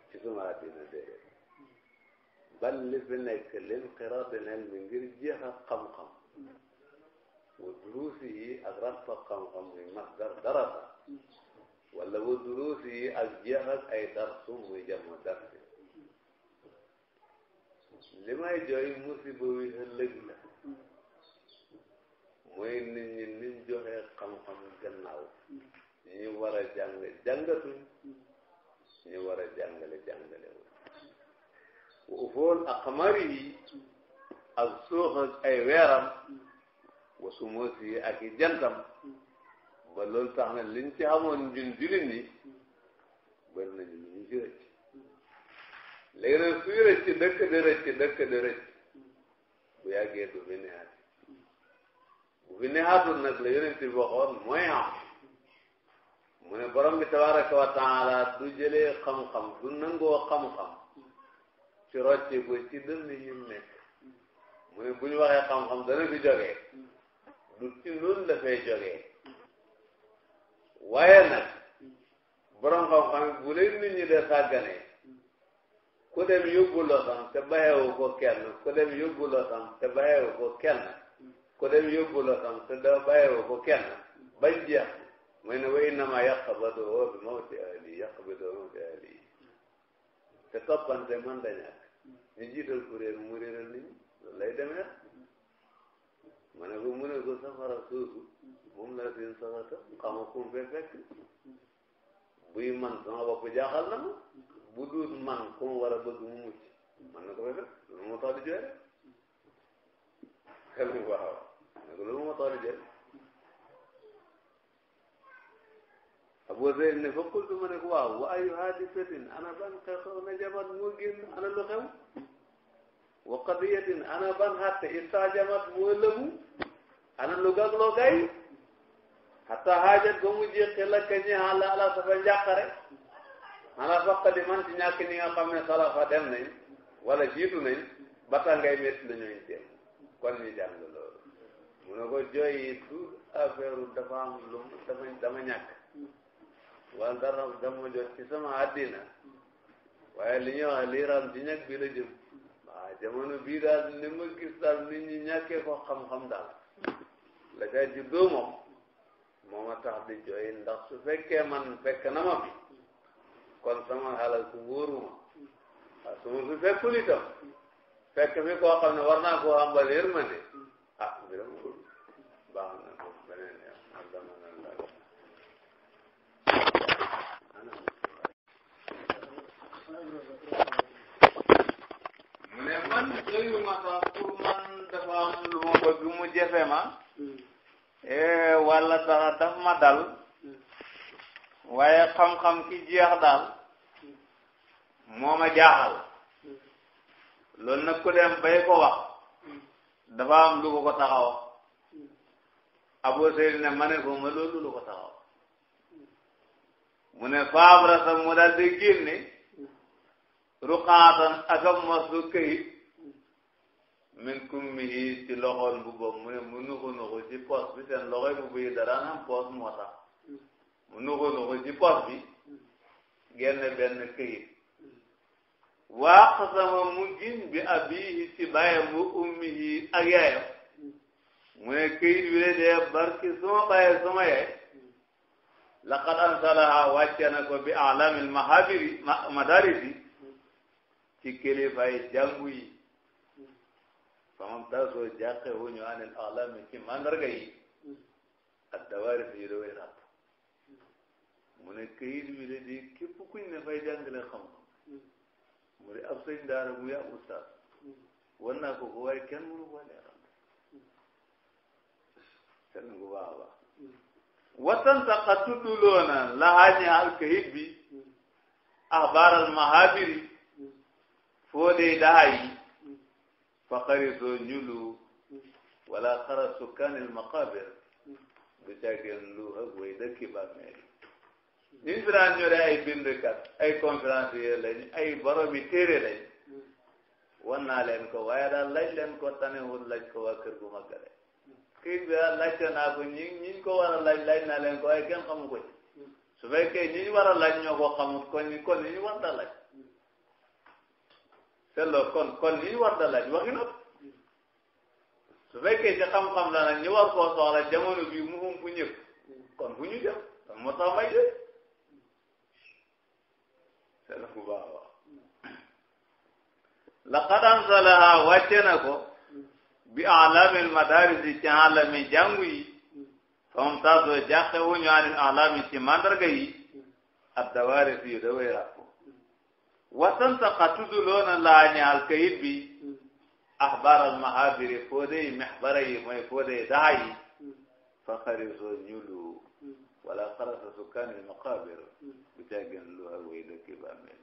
[SPEAKER 1] ci suma àddina déedéet bal li fi nekk leen xiraat nel mi ngir jeex a xam-xam wa duruusi yi ak rafet xam-xam muy masdar darasa wala wa duruusi yi ak jeex ak ay darsu muy jamono darsi li may jooy musiba wi ëllëg la mooy nit ñi niñ joxe xam-xam gannaaw ñi war a jàng jàngatuñ ñi war a jàngale jàngale wuñ wa ufool aqmari yi ak suux ak ay weeram wasu moosi yi ak jantam ba loolu tax na liñ ci xamoon ñun jullit ñi bëri nañu ñu ñu ci rëcc léegi nag suy dëkk di dëkk di rëcc bu fi neexaat bu fi neexaatul nag la yonent bi waxoon mooy am mu ne borom bi tabaraka wa du jële xam-xam du nangoo xam-xam ci rocce ko ci dënn yi mu nekk mu ne bu ñu waxee xam-xam dana fi jógee du ci nun la fay jógee waaye nag borom xam-xam bu leen nit ñi de sàggane ku dem yóbbu loo xam te bàyyewu ko kenn ku dem yóbbu loo xam te bàyyewu ko kenn ku dem yóbbu loo xam te da bàyyewu ko kenn bañ jeex ne way nama yaqbadoo bi mawti ahli yaqbadoo mawti ahli te toppante man da ñàkk ñu jiital kuréel mu réeral nit ñi tëb xam nga kuur bee fekk buy man sama bopp jaaxal na
[SPEAKER 3] ma bu
[SPEAKER 1] duut man ku ma war a bëgg mu mucc man na ko fee fekk lu ma tax di jooy rek xel mi waaw ne ko lu ma tax di jooy Abu Zayd ne fa qultu ma ne ko waaw wa ayu haadisatin ana ban xew na jabat moo génn ana lu xew wa qadiyatin ana ban xatte istaajamat moo lëmu ana lu gagloo gay hatta haajat ba mu jeexee la ka ñi ala sa fa njàqare ala fokk wala jiitu nañ ba tax la ñooy jéem kon ñu jàng loolu ko jooyi du affaire dafa am dama ñàkk wala dara dama jot ci sama àddina waaye ma gis daal nit ñi ñàkkee ko xam-xam moo ma tax di jooy ndax su fekkee man fekk na ma fi kon sama xalal ku wóoruma waaw su ma fi fekkul fekk fi koo xam ne war naa koo ambal yërmande ah mbiram baax na ko beneen yoon dama mu ne man dafa lu ma bëgg mu jafe ma eh wala dara daf ma dal waaye xam-xam ki jeex daal moo ma jaaxal loolu nag ku dem bay ko wax dafa am lu ko ko taxaw Abu ne ma ne ko ma loolu lu ko taxaw mu ne faabra sa mu daal di génne ruqaatan ak am mos lu këyit min kummihi ci loxol mbubbam mu mu nuxu nuxu ci poos bi seen loxoy mbubb yi daraan am moo tax
[SPEAKER 3] mu nuxu nuxu
[SPEAKER 1] ci poos bi génne benn këyit waa xasama mu gin bi abihi ci bàyyam bu ummihi ak yaayam mu ne këyit bi de dee barki suma bàyyee suma yaay laqad ansalaha wàcce ko bi alamil mahabiri madarisi ci kilifaay jàngu yi faam taasoo jàqe wu ñu anil alami ci mandarga yi ak dawaari fi yu daway ràpp mu ne këyit wi de di képp kuñ ne fay jàngale xam-xam mu ne ab sëñ daara mu yaa ustaas wan naa ko ko waaye kenn mënu ko leeral seen bu baax a baax watan sax a tudduloona lahaa ñaal këyit bi axbaaral mahabiri foo dee daa fa xarisoo ñulu wala xara sukkaanil maqabir du caggeen lu ak way dëkki bàmmeel ñun fi daan ñore ay bindkat ay conférencier lañ ay boromi téere lañ wan naa leen ko waaye da laaj leen ko tanewul laaj ko waa kër gu maggale këyit bi daal laajte naa ko ko war a laaj laaj naa leen ko waaye kenn xamu ko ci su fekkee ñiñ war a laaj ñoo ko xamut kon ñi kon ñi ñu war seetloo kon kon li ñu war da laaj waxi na su ci xam-xam la nag war koo soxla jamono bi mu um bu ñëpp kon bu ñu kon moo tax may dee seetlu bu baax laqad ansalaha wàcce ko bi alaamil madaris ci alami jàngu yi fam taso jàqe wuñu anil alami ci mandarga yi ak dawaare fii da wéyra wasan sa xatudu loona laa ñaal kayit al mahabiri foode yi mexbara yi mooy foode yi daa yi fa xariso ñulu wala xarasa sukkaan al maqabir bu caggin lu ak way dëkki bàmmeel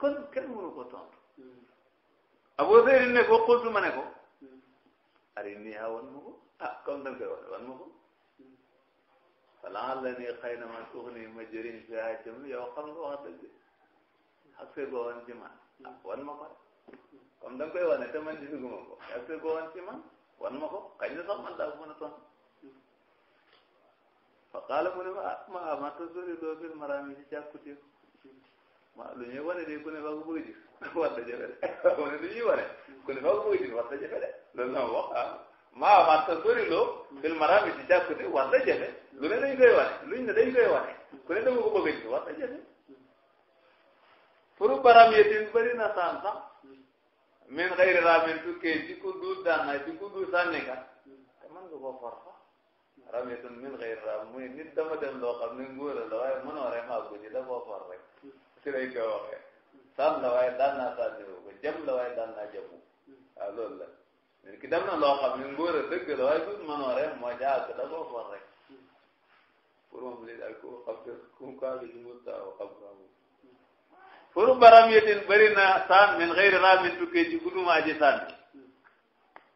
[SPEAKER 1] kon kenn mënu ko
[SPEAKER 3] tontu
[SPEAKER 2] abu seyri ne ko
[SPEAKER 1] xultu ma ne ko ari nii haa wan ma ko ah comme danga koy wax wan ko falaan la ni xëy na man suux ni ma jëriñ fi yaa jëm yow xam nga wax dëgg ak see goo wan ma ko comme da wane te man gisuguma ko ak see goo woon wan ma kañ la sax man laa mën a ton fa qaala ma ma ma tasori doo fil maraami ci càkkutéef ma lu ñuy wane de ku ne faa ko bëgg a gis de mu ne lu ñuy wane ku ne faa ko bëgg de loolu la ma ma ma tasori doo fil maraami ci càkkutéef war na lu ne dañ koy wane luñ ne dañ koy wane ku ne dama ko bëgg a ji wax dëgg pour baram yetin bëri na saan sax
[SPEAKER 2] min xëyri ramin
[SPEAKER 1] tukkee ji ko duul daana ji ko duul sànni ka te mën nga for sax ramitun min xëyri ram muy nit dama dem loo xam ne nguur la waaye mënoo rek maa ko ji da for rek si lay koy waxee saan la waaye daan naa sànni ko jëm la waaye daan naa jëmu waaw loolu la nit ki dem na loo xam ne nguur la la waaye duul mënoo rek moo jaag da pour moom lii daal ku mu xam te ku mu kaa bi mu taa xam xam pour baram yetin bëri na saan min xëyri raamin tukkee ci guduma aji sànni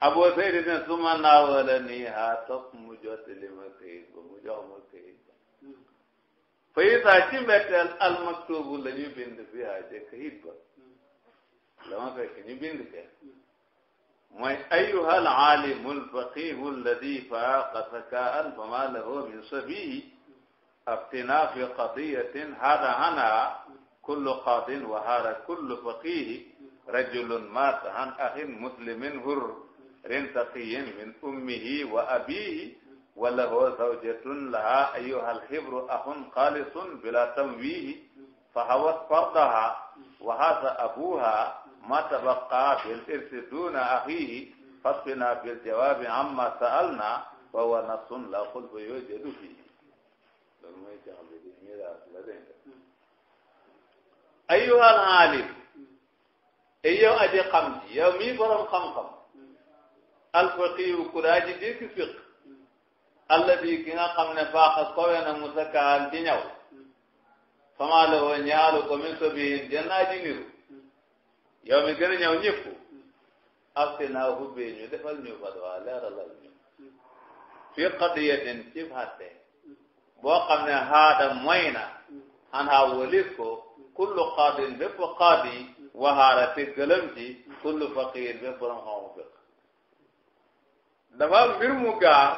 [SPEAKER 1] aboo seydi ne suma naawala nii haa topp mu jottali ma këyit ba mu jox ma këyit ba fayitaa ci mbetteel almaktubu la ñu bind bi haa ca këyit ba la ma fekk ñu bind ke mooy ayuha al aalimu alfaqihu alladi faaqa sakaan fa ma lahu min sabiyi aftinaa fi qadiyatin hada hana kullu qaadin wa hada kullu faqihi rajulun maata an axin muslimin hurrin taqiyin min ummihi wa abihi wa lahu zawjatun laha ayyuha alxibru axun xaalisun bila tamwihi fa hawat fardaha wa haasa abuha ma tabaqa bil irsi duna axihi fasqina bil jawaabi amma sa'alna wa huwa nafsun la xulfa
[SPEAKER 3] yujadu fihi loolu mooy jax bi di miraas la
[SPEAKER 1] dégg ayyuhal aalim ay yow aji xam ji yow mii borom xam-xam alfaqiihu kuraaji dégg fiq alladi ki nga xam ne faaxa kowe na musakaan ci ñaw famaa la woo ñaalu ko min sobiin jannaa ji niru yow mi gën a ñaw ñëpp aftinaa hubbee ñu defal ñu fatwa leeralal ñu fi qadiyatin cib xattee boo xam ne haada mooy na an ha wëlis ko kullu qaadin bépp qaadi waxaara te gëlëm ci kullu faqir bépp fiq dafa mu gaar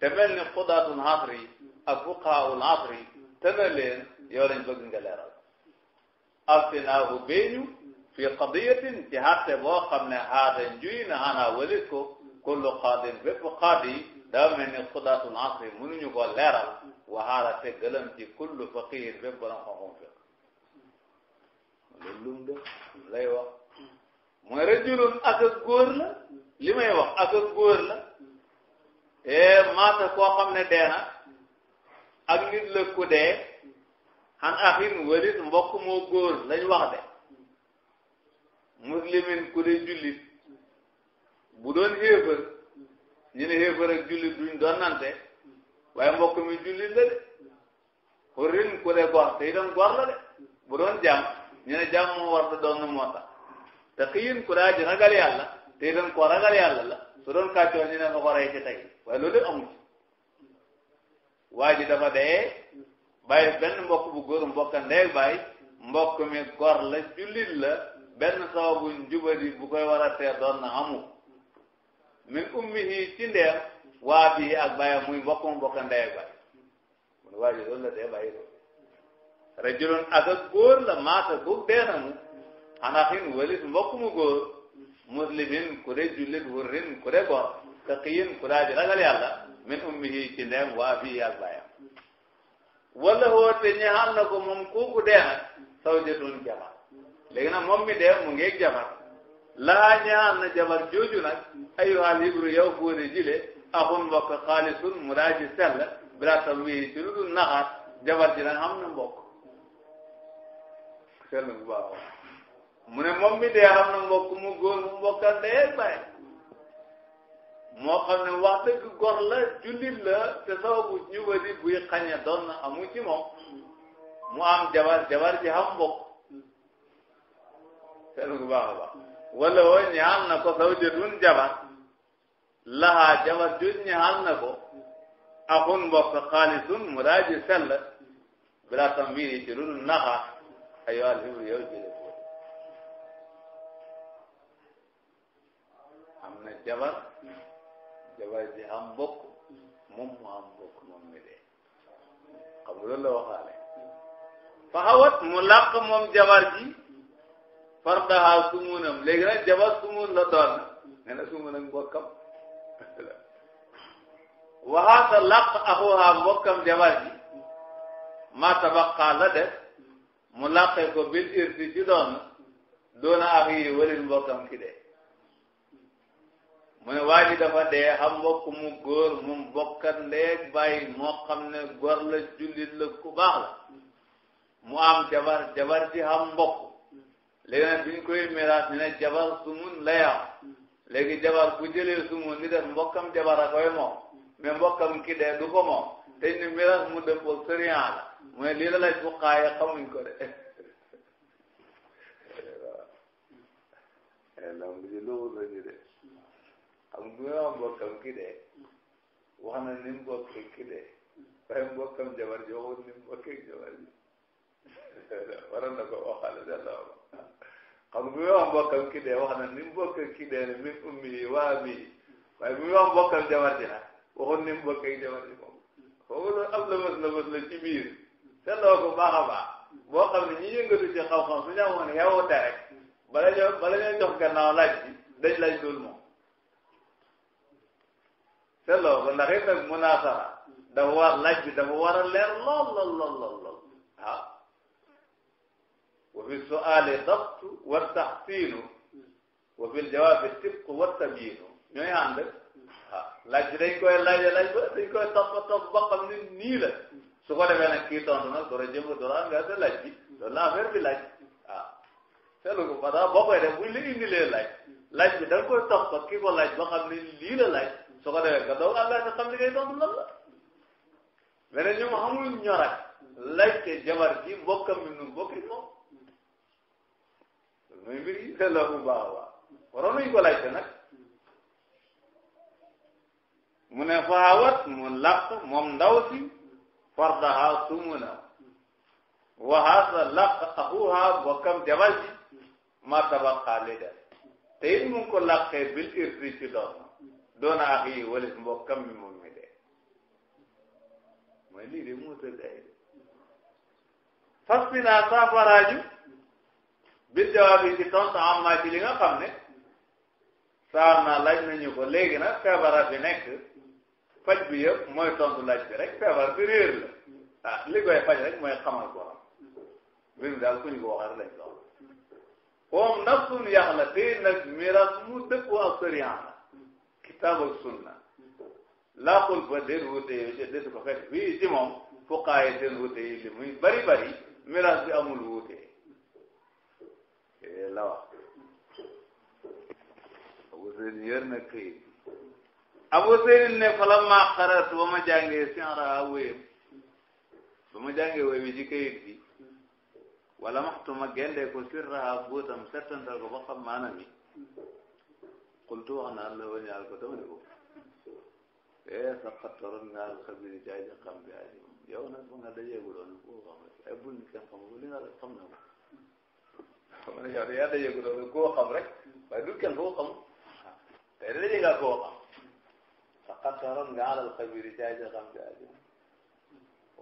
[SPEAKER 1] te mel ni xudaatul asri ak fuqaaul asri te na leen yow lañ bëgg nga leeral aftinaahu beeñu fi qadiyatin ci xatte boo xam haada njuy na an ha wëlis ko kullu qaadin bépp qaadi dafa mel ni xudaatul asri mënuñu ko waxaala te gëlëm ci kullu faqir bépp borom xam-xam fiq loolu lum de lay wax
[SPEAKER 2] mooy rajulun ak ak góor la
[SPEAKER 1] li may wax ak ak góor la ee maata koo xam ne dee na ak nit la ku dee xan axin walit mbokk moo góor lañ wax de muslimin ku dee jullit bu doon xéefër ñu ne xéefër ak jullit duñ doon nante waaye mbokk mi jullit la de xurin ku de gor te itam gor la de bu doon jàmm ñu ne war te doon na moo tax te xiin ku daa ji ragal yàlla te itam ko ragal yàlla la su doon kàccoo ñu ne nga ko rey ci tey waaye loolu de amul dafa dee bàyyi benn mbokk bu góor mbokk ndey bàyyi mbokk mi gor la jullit la benn sababu njubadi bu koy war a teer doon na amul min ummihi ci ndeer waa bii ak bàyyam muy mbokk mu mbokk ndey mun waa la dee bàyyi loolu rajulun ak góor la maata góor dee mu xanaa walit mbokk mu góor muslimin ku dee jullit hurrin ku dee góor taqiyin ku daa ji ragal min ummihi ci ndeem waa ak bàyyam wala woote ñaxal na ko moom kooku dee na sawjatun jabar léegi nag moom mi dee mu ngeeg jabar laa ñaxal na jabar jooju nag ayu hibru yow góore jile axun mbokk xaalisun mu daa ji sell bila tamwiil ci lu dul jabar ji nag am na mbokk sell bu baax mu ne moom mi dee am na mu góor mu mbokkal dee bàyyi moo xam ne wax dëgg gor la jullit la te sababu ñu wari buy xañe doon na amu ci moom mu am jabar jabar ji am mbokk sell bu baax a baax wala woo ñaan na ko saw jëtun jabar lahaa jabar juuj ñaxal na ko axun mbokk xaalisun mu daa ji sell bilaa tambiiri ci lu naxa aywa alhibru yow jële am na jabar jabar ji am mbokk moom mu am mbokk dee xam loolu la waxaale fa xawat mu làq moom jabar ji fardaha sumunam léegi nag jabar sumun la doon nee na sumun ak waxaasa làq axuha mbokkam jabar ji ma tabaqa la def mu làqee ko bil irsi ci doon doona axi walin mbokkam ki dee mu ne dafa dee xam mbokk mu góor mu mbokkat ndeeg bàyyi moo xam ne góor la jullit la ku la mu am jabar jabar ji xam mbokk léegi nag bi koy miraas ñu jabar sumun la yàqu léegi jabar bu jëlee sumu ni def mbokkam jabar a koy moom mais mbokkam ki dee du ko moom te ñu miraas mu dëppoo sëriñ la mooy lii la lay fuqaaye xamuñ ko de lam bi loolu la ñu de xam nga wax mbokkam ki dee wax na ni mbokkee ki dee waaye mbokkam jabar ji waxul ni mbokkee jabar ji waroon na ko waxale delloo xam nga wax mbokkam ki dee wax na ni mbokk ki dee ne min ummi yi waa bii waaye bu ñu wax mbokkam jabar ji nag waxoon ni mbokk ak jabar ji moom foofu loolu am lëbës lëbës la ci biir seetloo ko baax a baax boo xam ne ñi yëngatu ci xam-xam su ñu amoon yeewute rek bala ñoo bala ñoo jox gannaaw laaj bi dañ laaj loolu moom seetloo ko ndax it nag munaasara dafa war laaj bi dafa war a leer lool lool lool lool lool waaw wa fi su'aali dabtu wa taxsiinu wa fi jawaabi tibqu wa tabiinu ñooy ànd ah, laaj bi dañ koy laaj laaj ba dañ koy topp topp ba xam ne nii la su ko defee nag kii tontu nag door a jëm door a engagé bi loolu la affaire bi laaj waaw ah, seetlu ko parce que boo koy def buñ la bi da koy topp ba kii ko laaj ba xam ne lii la laaj su ko defee nga doog engagé xam li ngay tontu lan la mais ji bokkam nu bokki moom muy mbir yi delloo bu baax a baax waroon nañu ko laajte mu ne faawat mu laq moom ndaw si fardaha sumuna waxaasa laq axuha bokkam jabal ma tabaqa li te it mu ko laqee bil irti ci doon doona ak yi mi moom mi dee mooy lii de muutal ay fas bi naa saafaraaju bil jawaab ci tontu am naa ci li nga xam ne saar naa laaj nañu ko léegi nag feebara bi nekk faj bi yëpp mooy tontu laaj bi rek feebar bi réer la ah li koy faj rek mooy xamal ko am mbir mi daal ku ko waxee lañ doon moom nafsun yàlla tey nag miras mu dëppoo ak sëriñ la kitaab ak sunna laaxul ba déet wute yi ci déet ko fekk fii ci moom fuqaay déet wute yi li muy bari bari miras bi amul wute la wax abu seyrin yor na këyit abu seyrin ne fala maa xarat ba ma jàngee sienraa wéyam ba ma jàngee wéy bi ci këyit bi wala maxtuma gendee ko sirraa bóotam settantal ko ba xam maanaam yi qultu wax naa la wa ñaal ko dama ko eh sa xattaroon nga al xabiri ci aji bi aji yow nag ba nga dajeeguloon ko xam ay bul ni kenn xam ko li nga xam na ko xam nga ñoo dañuy daje ko doon koo xam rek waaye du kenn koo xam tey daje nga koo xam faqat taroon nga alal xabiri jaaja xam jaaja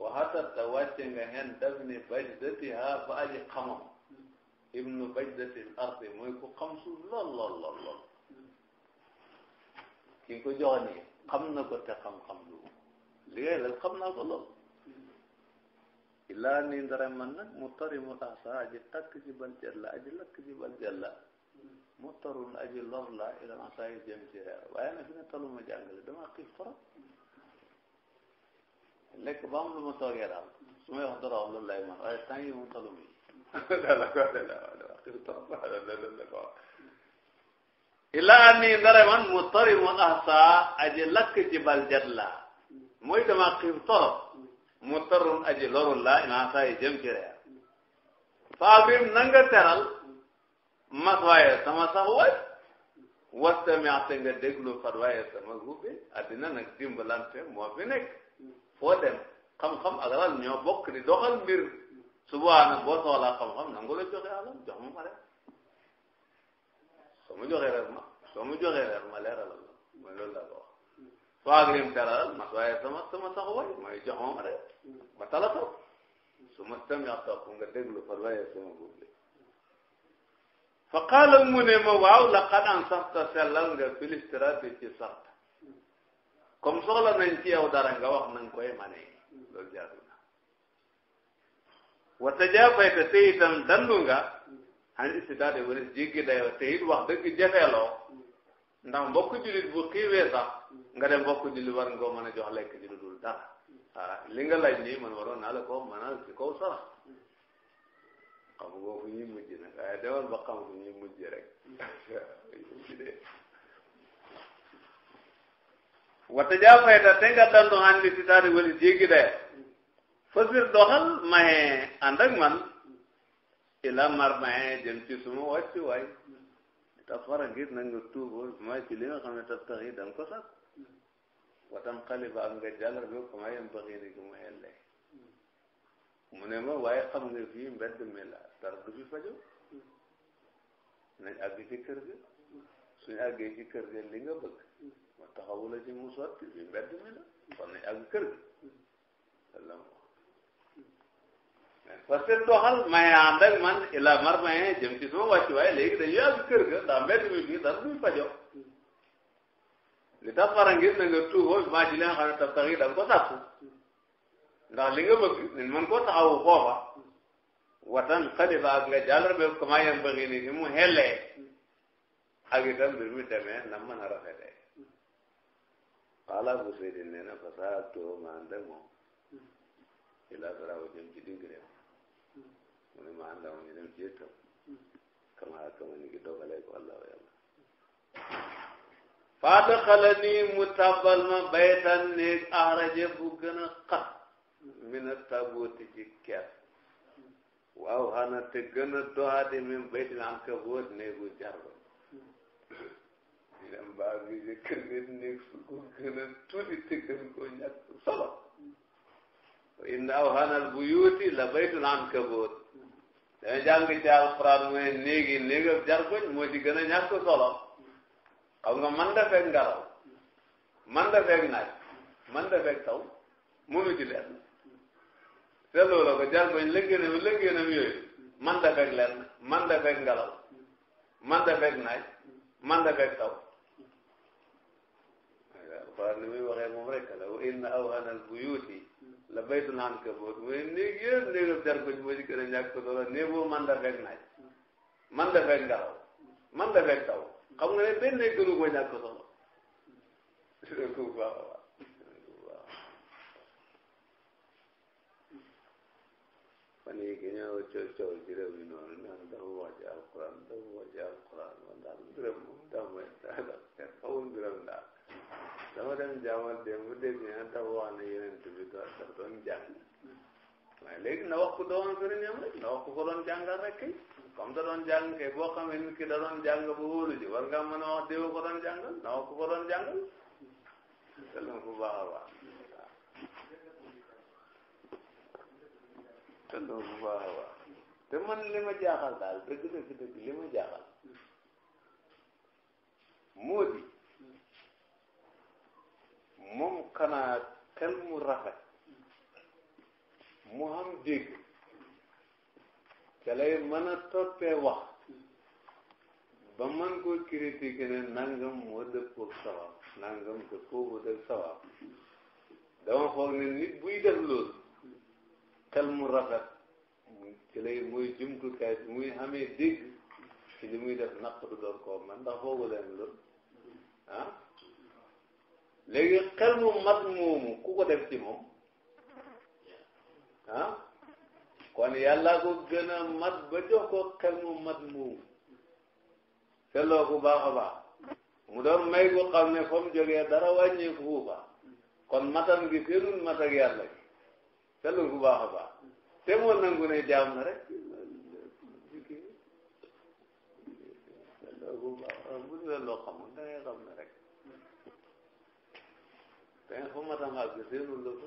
[SPEAKER 1] waxatat da wàcce nga hen dabni bajdatiha ba aji xamam ibnu bajdatil ardi mooy ku xam suuf lool lool lool lool ki ko jox nii na ko te xam-xam lu li ngay def xam naa ko lool illaa ni ndare man nag mu tori mu xaasa aji takk ji bal aji lakk ji bal mu torun aji lor ba lay mu toluma yi dala ko illaa ni ndare mu tori mu aji lakk ji bal jël la mooy dama xiif mutarun aji lorul laa inaa saa yi jëm ci reer faabir na teral mas waaye sama sax waay wastamiate nga déglu fat waaye sama gubbe addina nag dimbalante moo fi foo dem xam-xam ak ñoo bokk di doxal mbir subaana boo soxlaa xam-xam nangu la joxe alal jox ma ma rek soo ma joxee reer ma soo ma ma leeralal ma loolu soo agrim teral mas waaye sama sama taxawaay mooy joxoon rek ba talatoo su ma tamit ak topp nga déglu far waaye sama buble fa qaala mu ne ma waaw laqad ansafta sellal nga filistiraati ci sarta comme soxla nañ ci yow dara nga wax nañ koy mane loolu jaadu na wa tajaabayta te itam dandu nga xan istidaade wala jéggi dayo te it wax dëgg jafeloo ndax mbokku jullit bu xiiwee sax nga dem mbokku jullit war nga koo mën a jox lekk lu dul dara ah li nga laaj nii man waroon naa la koo mën a si kaw sara nga fu ñuy mujj nag waaye demal ba xam fu ñuy mujj rek
[SPEAKER 2] wata jaa fay ta te nga
[SPEAKER 1] dandu handi si taari wali jéggi de fasir doxal maye ànd ak man mar maye jëm ci suma wàccu waay tafara ngir na nga tuuboo ma ci li nga xam ne taf tax yi danga ko sax watam xali ba am nga jàllar bi ko ma yem baxi mu xelle
[SPEAKER 3] mu ne ma waaye
[SPEAKER 1] xam nga fii mbedd mi la dara du fi fajo nañ àgg ci kër ga suñu àggee ci li nga bëgg ma taxawu la mu sotti fi mbedd mi la kon nañ àgg kër ga parce que doxal may ànd man ila mar may jëm ci sama wàccuwaay léegi dañuy àgg kër ga ndax mbedd mi fii dara duñ fajoo li tax fara ngir na nga tuuboo maa ci li nga xam ne taf tax yi ko sàkku ndax li nga bëgg nañ mën koo taxawu foofa watan xalifa ak nga jàllar be comment yem bëgg ni ni ak itam mbir mi demee na mën a rafetee xaala bu seydi nee na fasaa tuuma ànd ak moom ila sarawu jëm ci digg réew mu ne ma ànd ak mm-hmm. ñu dem ci itam kama kama ni allah yàlla faata xala nii mu tàbbal ma baytan néeg ahraje bu gën a mm-hmm. min a tabuuti ci ker waaw xana te a doxaate min baytin am ka boot néegu jarba
[SPEAKER 3] mm-hmm.
[SPEAKER 1] dem baa ngi jëkk ngeen néeg su ko a tuuti te gën koo solo inna aw xanal bu yuuti la baytun am dana jàng ci alxuraan mooy néegi néegam jargoñ moo ci gën a ñàkk solo xam nga man da fekk ngaraw man da fekk naaj man da fekk taw moomu ci lenn te loolu ko jargoñ lëggéenam lëggéenam yooyu man da fekk lenn man da fekk ngalaw man da fekk naaj man da fekk taw alxuraan ni muy waxee moom rek la wa inna awhana al buyuti la baytu naan ka boot mooy néeg yëpp néegam jar ko ci moo ci gën a ñàkk doole néeg boobu man da fekk naaj man da fekk ngelaw man da fekk taw xam nga ne benn néeg gënu ko ñàkk solo dégg bu baax a baax fan yii ki ñëw coow coow ci réew mi noonu naan dafa wax ci alquran dafa wax ci alquran man daal mbiram moom daal mooy xawul mbiram daal dama dem jaamal démb dégg ñu ne dafa wax ne yonent bi dafa doon jàng waaye léegi na wax ku doon sëriñam rek na wax ku ko doon jàngal rek kay comme da doon jàng kay boo xamee nit ki da doon jàng ba wóolu ji war nga mën a wax déw ko doon jàngal na wax ku ko doon jàngal tëlum ku baax a baax
[SPEAKER 3] tëlum ku baax a
[SPEAKER 1] baax te man li ma jaaxal daal dëgg dëgg dëgg li ma jaaxal moo di moom xanaa xel mu rafet mu am dégg ca lay mën a toppee wax ba man koo critiquer ne nangam moo dëppoog sawab nangam dëppoogu dëg sawa dama foog ne nit buy def loolu xel mu rafet ci lay muy jumtukaay bi muy amee dégg ci li muy def naq du doon koo man ndax foogu leen loolu ah léegi xel mu mat moomu ku ko def ci moom ah kon yàlla ko gën a mat ba jox ko xel mu mat moomu selloo ku baax a baax mu doon ma ko xam ne fa mu jógee dara wàññeeku fuufa kon matam gi seenul mat ak yàlla gi selloo ku baax a baax te moo nangu ne jaam na rek selloo ku baax bu dee loo xamul da ngay ne
[SPEAKER 2] fenn xuma sama bi seenu lu ko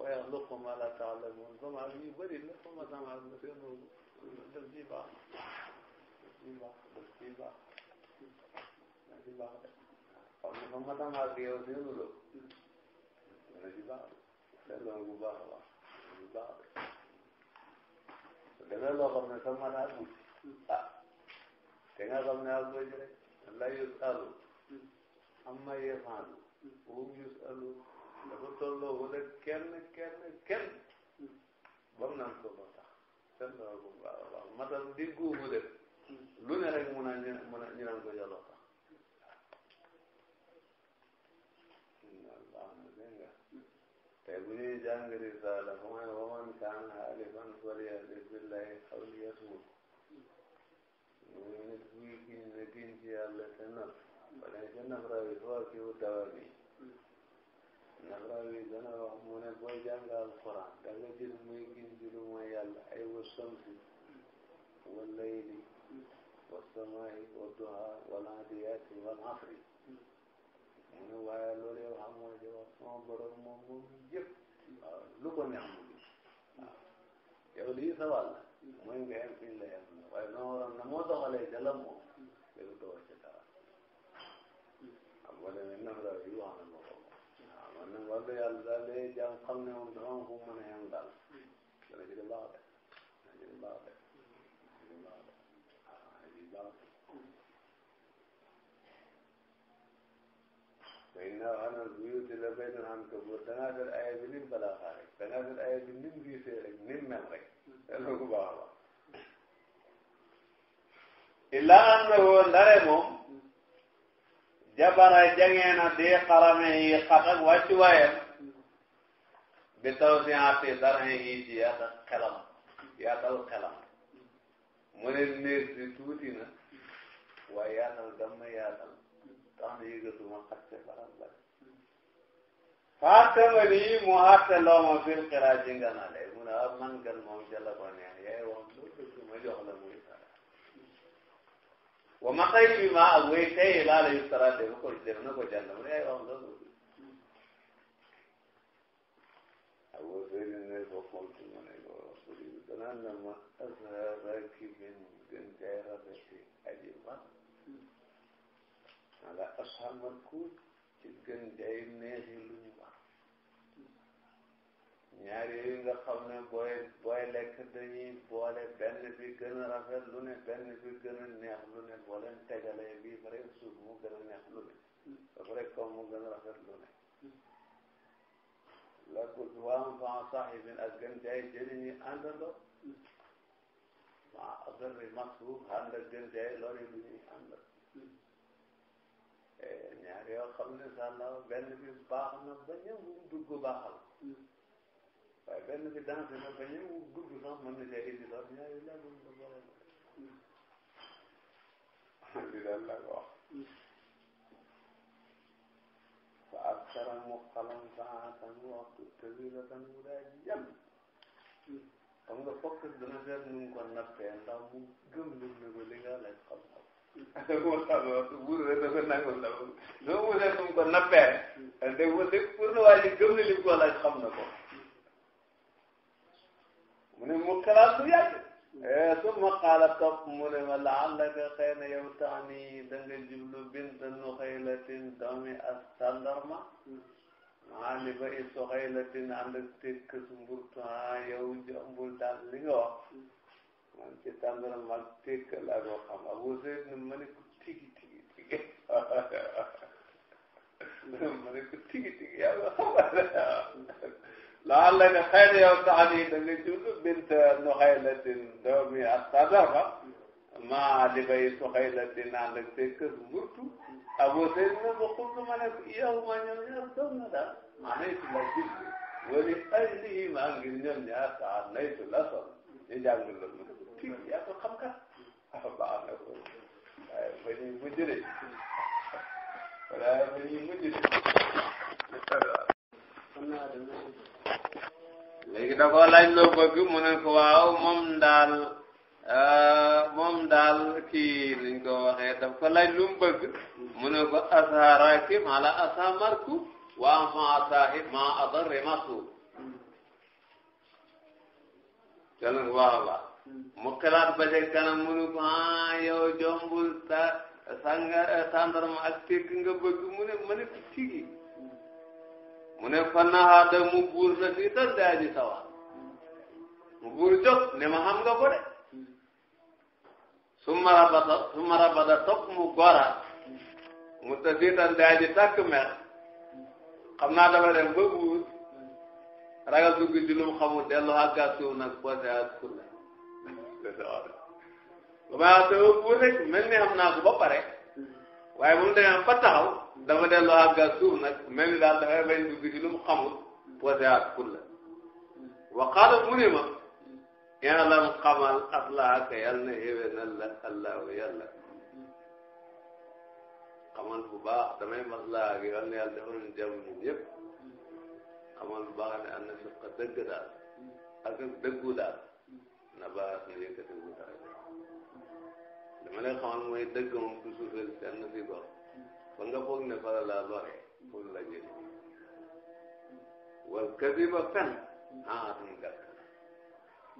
[SPEAKER 2] waaye
[SPEAKER 1] lu xuma la taalamoon sama bi yu bëri lu xuma sama bi seenu lu def ci baax def ci baax def ci baax def ci baax de xam ne xuma sama bi yow seenu lu def ci baax de loolu bu baax a baax bu baax de su defee loo xam ne sama naa tuuti ah te nga xam ne ak bëj rek la yusalu amma yefaalu wum yusalu dafa tolloo wala kenn kenn kenn bam naan ko ba tax seen dara bu baax a baax matal di guubu def lu ne rek mun a ñu mun a ñu naan ko jaloo tax tey bu ñuy jàng risaala fa may waman kaan xaalifan falyahlis billahi aw liyasmut muy nit buy giñ ne giñ ci yàlla te noppi bale ca namrawi foo kiwu dawa bi namrawi dana wax mu ne booy jàng alquran da nga gis muy gis ji lu mooy yàlla ay wa samsi wa layli wa samaai wa duha wal adiyaati wal asri mu ne waaye loolu yow xamoo ci wax sama borom moom moom yëpp waaw lu ko neex mu gis waaw yow lii sa wàll mooy nga yem fi ñu la yem waaye noo waroon na moo doxalee jalam moom yow doo ci
[SPEAKER 3] wala mi nam la yu wax na ko man na yàlla daal day jàmm di ne moom dafa am fu mu mën a yem daal dana jëli baax de dana jëli baax de dana jëli baax de waaw dana jëli baax de
[SPEAKER 1] léegi nag wax na bu yuuti la bay ni mu balaa xaaree da ngaa ni mu ni mu mel rek loolu baax la jabara jangeen a di xarame yi xat ak wàccu waayam
[SPEAKER 2] bi taw si ati dara
[SPEAKER 1] yi ci yaatal xelam yaatal xelam mu ne néeg si tuuti na waaye yaatal damma yaatal tax na yëgatuma xatte faral la fàtte ma ni mu xatte loo ma fil xiraa ji nga na le mu ne ah man gan moom jëla ko neex yaay wax ma jox la muy wa ma xay fi ma ak wéy tey laa lay sara def ko def na ko jàll mu ne ay wax loolu abu zeyni ne ko xoltu ma ne ko rasuli danaa na ma azharaki min gën kay rafeti aji ma ala ashal malkuut ci gën kay neexi lu ñu ma ñaari yooyu nga xam ne booy booy lekk dañuy boole benn bi gën a rafet lu ne benn bi gën a neex lu ne boo leen tegalee bii ba rek suuf mu gën a neex lu ne ba pare kaw mu gën a rafet lu ne la ko duwaan fan sahibin ak gën jaay jëriñ yi àndandoo ma agarri masruf ànd ak gën jaay lori lu ñuy ànd eh, ñaari yoo xam ne sax benn bi baax na ba ñëw dugg baaxal waaye benn bi danse na ba ñëw gudd sax mën na cee indi sax
[SPEAKER 3] ñaari laa mën na boole
[SPEAKER 1] li daal la ko wax fa askara mu xalam saatan waxtu tëbila tan mu daa jam xam nga fokk dana seet nu mu ko nappee ndax mu gëm lim ne ko li nga laaj xam-xam moo tax buur rek dafa nangul la loolu mu seet nu mu ko nappee te bu dee pour ne waa ji gëm ne li mu ko laaj xam na ko ne mu xalaat bu yàgg su ma topp mu ne ma laallaka xëy na yow tax ni da nga jublu bint nuxaylatin doomi a sandarma maa li ba i soxaylatin ànd ak tekk mburtu yow jombul daal li nga man ci sandarma ak tekk laa xam abu
[SPEAKER 3] seyd ne ma ne ko tigi tigi
[SPEAKER 1] tigi ma ne ko tigi tigi yaa ko xam laal la ne xëy na sax ni da nga jur bint nuxaylatin doomi asadarba maa di bay suxaylatin ànd ak seen kër murtu abo seen ne ma xullu ma ne yow doom na daal maa naytu la jib wali ay lii maa ngir ñoom ñaar sax naytu la sol ñu jàng la mu kii yaa ko xam kat baax na ko waaye ba ñuy mujj de waaye ba ñuy mujj de léegi da koo laaj loo bëgg mu ne ko moom daal euh, moom daal kii liñ ko waxee daf bëgg mu ne ko asa rakim ala asa marku wa ma sahib ma adarre masu jël hmm. mu xalaat ba ca kanam mu ne ko ah jombul sa sanga eh, tàndarma ak tekk nga bëgg mu ne ma ne ko mu ne fannahaada mu buur na fii tan daa ji sawar mu buur jóg ne ma xam nga ko de su marabada su marabada topp mu gora mu ta fii tan daa ji tàkk mer xam naa dafa dem ba buur ragal dugg ci lu mu xamul dellu àggaat suuf nag boose ak kulle ba ma wax dama buur rek mel ni xam naa ko ba pare waaye moom dañoo fa taxaw dama delloo àgga suuf mel ni daal dafay bañ dugg ci lu mu xamul mu ne ma yaalam xamal aslahaka yàlla na xéwénal la allahu yàlla xamal bu baax damay maslaha ak yàlla na yàlla defal ñu jàmm ñun yëpp xamal bu baax ne am na sëqa dëgg daal ak dëggu daal na baax na yëkkati bu dara dama ba nga foog ne fara laa lore pour la jëli wal kadiba fen ah dum gàkk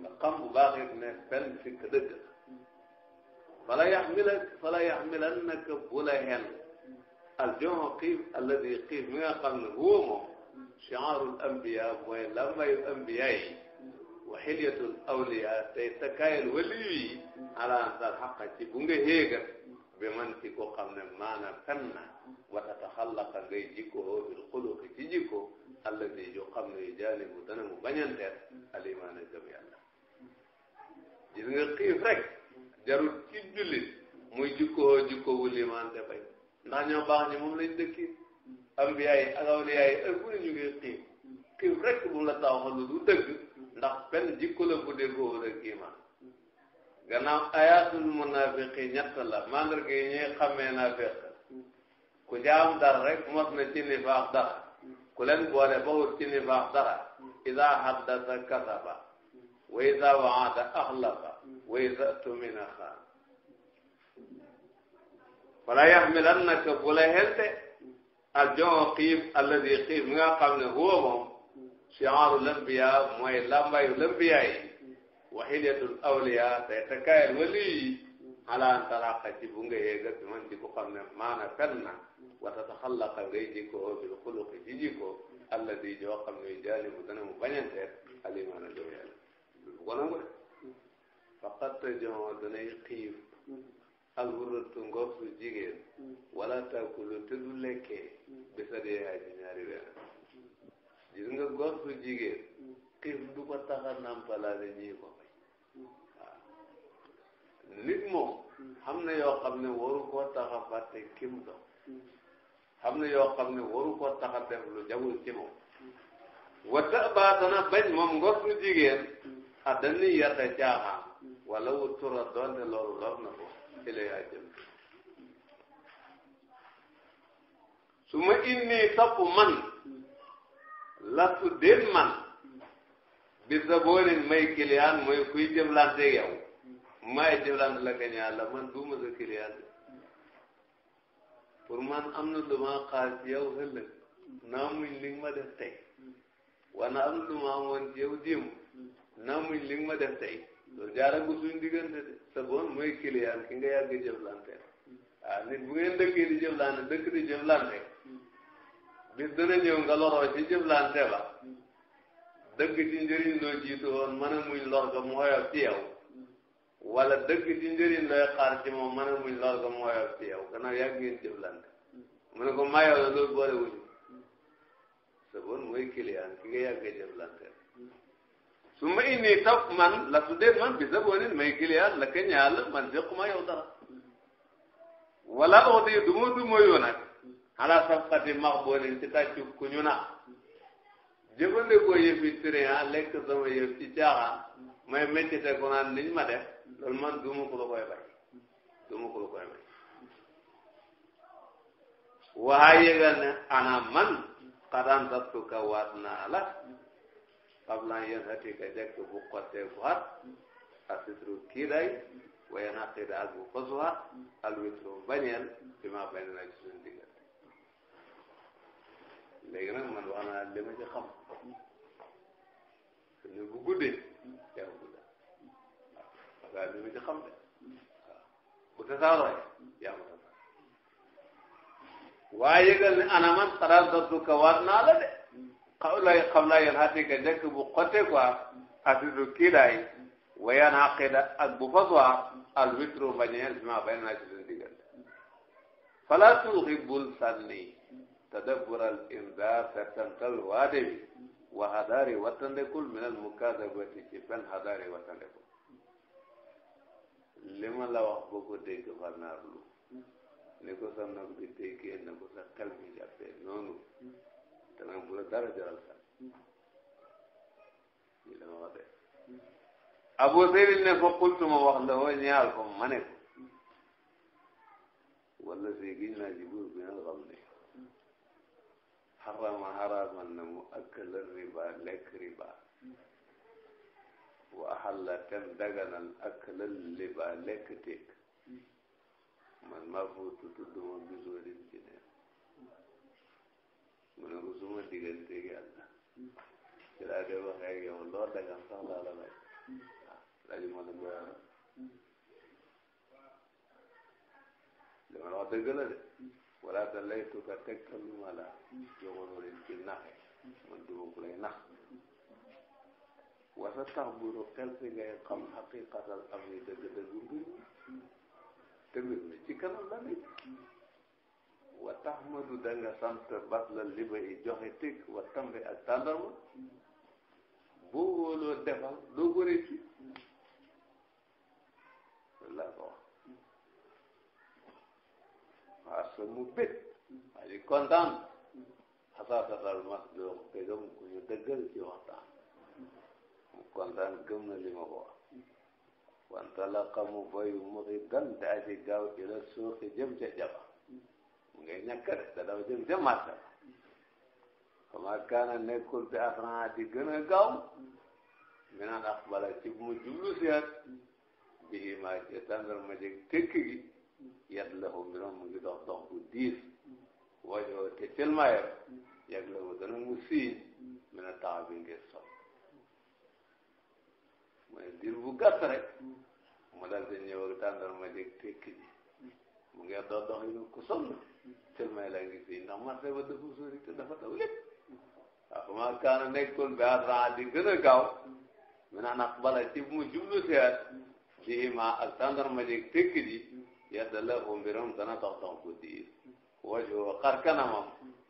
[SPEAKER 1] nga xam bu baax it ne fen sikk dëgg la fala yaxmila fala yaxmilan naka bu la hen al jomo xiif alladi xiif mi nga xam ne huwa moom chiarul ambiya mooy lamayu ambiya yi wa xilyatul awliya tey takayal waliyu yi ala ansar xaqa ci bu nga héegal bi man ci ko xam ne maana fen na wa tataxallaqa ngay jikkoo bil xuluqi ci jikko alladi yu xam ne jaani bu dana mu bañanteer alimaana gëm yàlla gis nga xiif rek jarul ci jullit muy jikkoo jikko bu limaan te bañ ndax ñoo baax ñi moom lañ dëkki ambiya yi ak awliya yi ak bu ñu ngi xiif xiif mu la taw xalu du dëgg ndax benn jikko la bu déggoo ak imaan gannaaw ayatul munafiqi ñett la mandarga yi ñuy xamee nafiq ku jaam dara rek mos na ci dara ku leen boole ba wut ci dara ida haddasa kasaba wa waada axlafa wa ida tumina xaan fala yaxmilannaka bu la xelte aljomo xiif alladi xiif nga xam ne huwa moom chiaaru lambiya mooy lambayu lambiya yi wa hilyatul awliya day takkaayal wali yi alaan talaqa ci bu nga man ci ku xam ne maana fen na wa tataxallaqa ngay jikoo bil xuluqi ci jikoo alladi joo xam ne jaalibu dana mu bañanteet alimaana joo yàlla bu ko nangu de faqat joo danay xiif alburatu ngoob su jigéen wala takulu te du lekkee bisa dee yaa ji ñaari weer gis nga ngoob su jigéen xiif du ko tax a nampalaale ñii ko fay nit moom xam na yoo xam ne waru koo tax a fàtte kim doon xam na yoo xam ne waru koo tax def lu jagul ci moom wata baatana bañ moom ngor su jigéen a yata caaxaan wala wu tura doonte loolu lor na ko ila yaa jëm su ma inni topp man la su deen man bi sa boorin may kiliyaan mooy kuy jëflante yow may jëflante la kañ yàlla man duuma sa kiliyaan pour man am na lu ma xaar naa muñ li ma def tey am na lu ma amoon ci naa muñ li ma def tey loolu jaaragu diggante de sa boon mooy kiliyaan ki nga yàgg jëflante ah nit bu ngeen di jëflante dëkk di jëflante bis dana ñëw nga loroo ci ba dëgg ci njëriñ loo jiitu woon mën a muñ lor ga mu oyof ci yow wala dëgg ci njëriñ looy xaar ci moom mën a muñ lor ga mu oyof ci yow gannaaw yàgg ngeen jëflante mu ne ko mayow la loolu boole wuñu sa bon mooy client ki nga yàgg jëflante su ma indi topp man la su dee man bi sa bonin may la ka ñaal man joxuma yow dara wala oxte du ma du ma yoo nag xalaa safxati max boonin ci tàccu ku ñu na jëfandikoo yëf yi turiya ah, lekk sama yëf ci caaxaan may métti te ko naan liñ ma def loolu man duma ko la koy bay duma ko la koy bay waxaa yëgal ne ana man xadaan sattuka waat naa la xablan yéen xatika jekk bu xottee bu xat asitru kiiday wayen xaqida ak bu xosuwaat alwitru bañeel bi ma bañ na ci suñu léegi nag man wax naa li xam ne bu guddee yaa gudda waaw parce xam de waaw bu tasaaroo yaa ko waaye yëgal ne ana man taral dootu ka waat naa la de xaw ka njëkk bu xotte quoi atidu kiidaay wayaan xaqida ak bu fas al witru bañeel bi ma bay naa ci seen diggante fala tadabbural inzaar settantal waate wi wa hadaari wattandekul minal mukaadabati ci fen hadaari wattandekul li ma la wax boo ko dégg far naar lu ni ko sa nopp bi déggee na ko sa xel bi jàppee noonu te nag bu la dara jaral sax li la ma wax de Abu Zayd ne fa qultu ma wax la woo ñaar ko ma ne ko walla si giñ naa ci buur bi xarama xaramal na mu akala riba lekk riba wa axalla tem daganal akala liba lekk teeg man maa footu tudduma bisoo lim ci ne mu ne ko suma diggante gi Yàlla ci laa dee waxee ak yow loo dagan sax laa la laaj laaj ma la goyara li ma la wax dëgg la de wala da lay tuka tegtaluma la yoxono leen ci naxe man duma ku lay nax wasa tax buru xel si ngay xam xaqiqatal am ni dëgg-dëgg mbir te mbir mi ci kanam la nekk wa tax ma du danga sant bas la liba yi joxe tig wa tambe ak tàndarma boo wóoloo defal doo ko réccu laa ko wax xasa mu bég waa di kontaan xasaasatal masdooq tegam ku ñu dëggal ci waxtaan mu kontaan gëm na li ma ko wax wantalaqa mu bayu muxidan te aji gaaw ila suuqi jëm ca jaba mu ngay ñàkk rek te daw jëm ca marché kama kaana nekkul bi asraa di gën a gaaw mi naan aqbala ci mu jublu si at bihi maa ci tàndal ma yàgg la ko mu ngi dox bu diis wajoo te telmaayam yàgg la ko mu siin mën a tax bi ngir sol mooy diir bu gàtt mu dal di ñëw ma jeg tekki mu ngi dox dox yi ko sonn la ngi siin ndax marché ba dafa sori te dafa daw lépp waaw ba kaana nekkul bi asraa di gën a gaaw mi naan ak bala mu jublu seet ci ma ak ma jeg tekki yadda laxu mbiram dana dox dox bu diis wajhu xar kanamam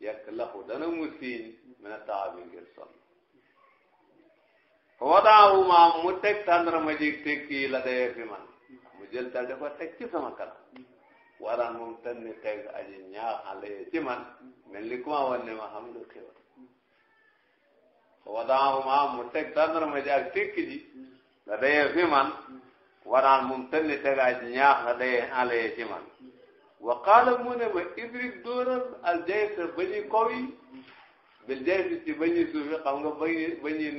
[SPEAKER 1] yàkk laxu dana mu siiñ mina taabi ngir sonn wadaawu maam mu teg tàndarma ji tekki la dayee fi man mu jël dal di ko sama kanam walaan moom tanni teg aji ñaaxan la yee man mel ni kuma wan ne ma xam nga xewal wadaawu maam mu teg tàndarma ji ak tekki ji la dayee fi man waraan moom tënni tegaay ci ñaax la day wa qaala mu ne ma idrik dóoral aljaysa ba ñu kaw yi ci ba ñuy suufi xam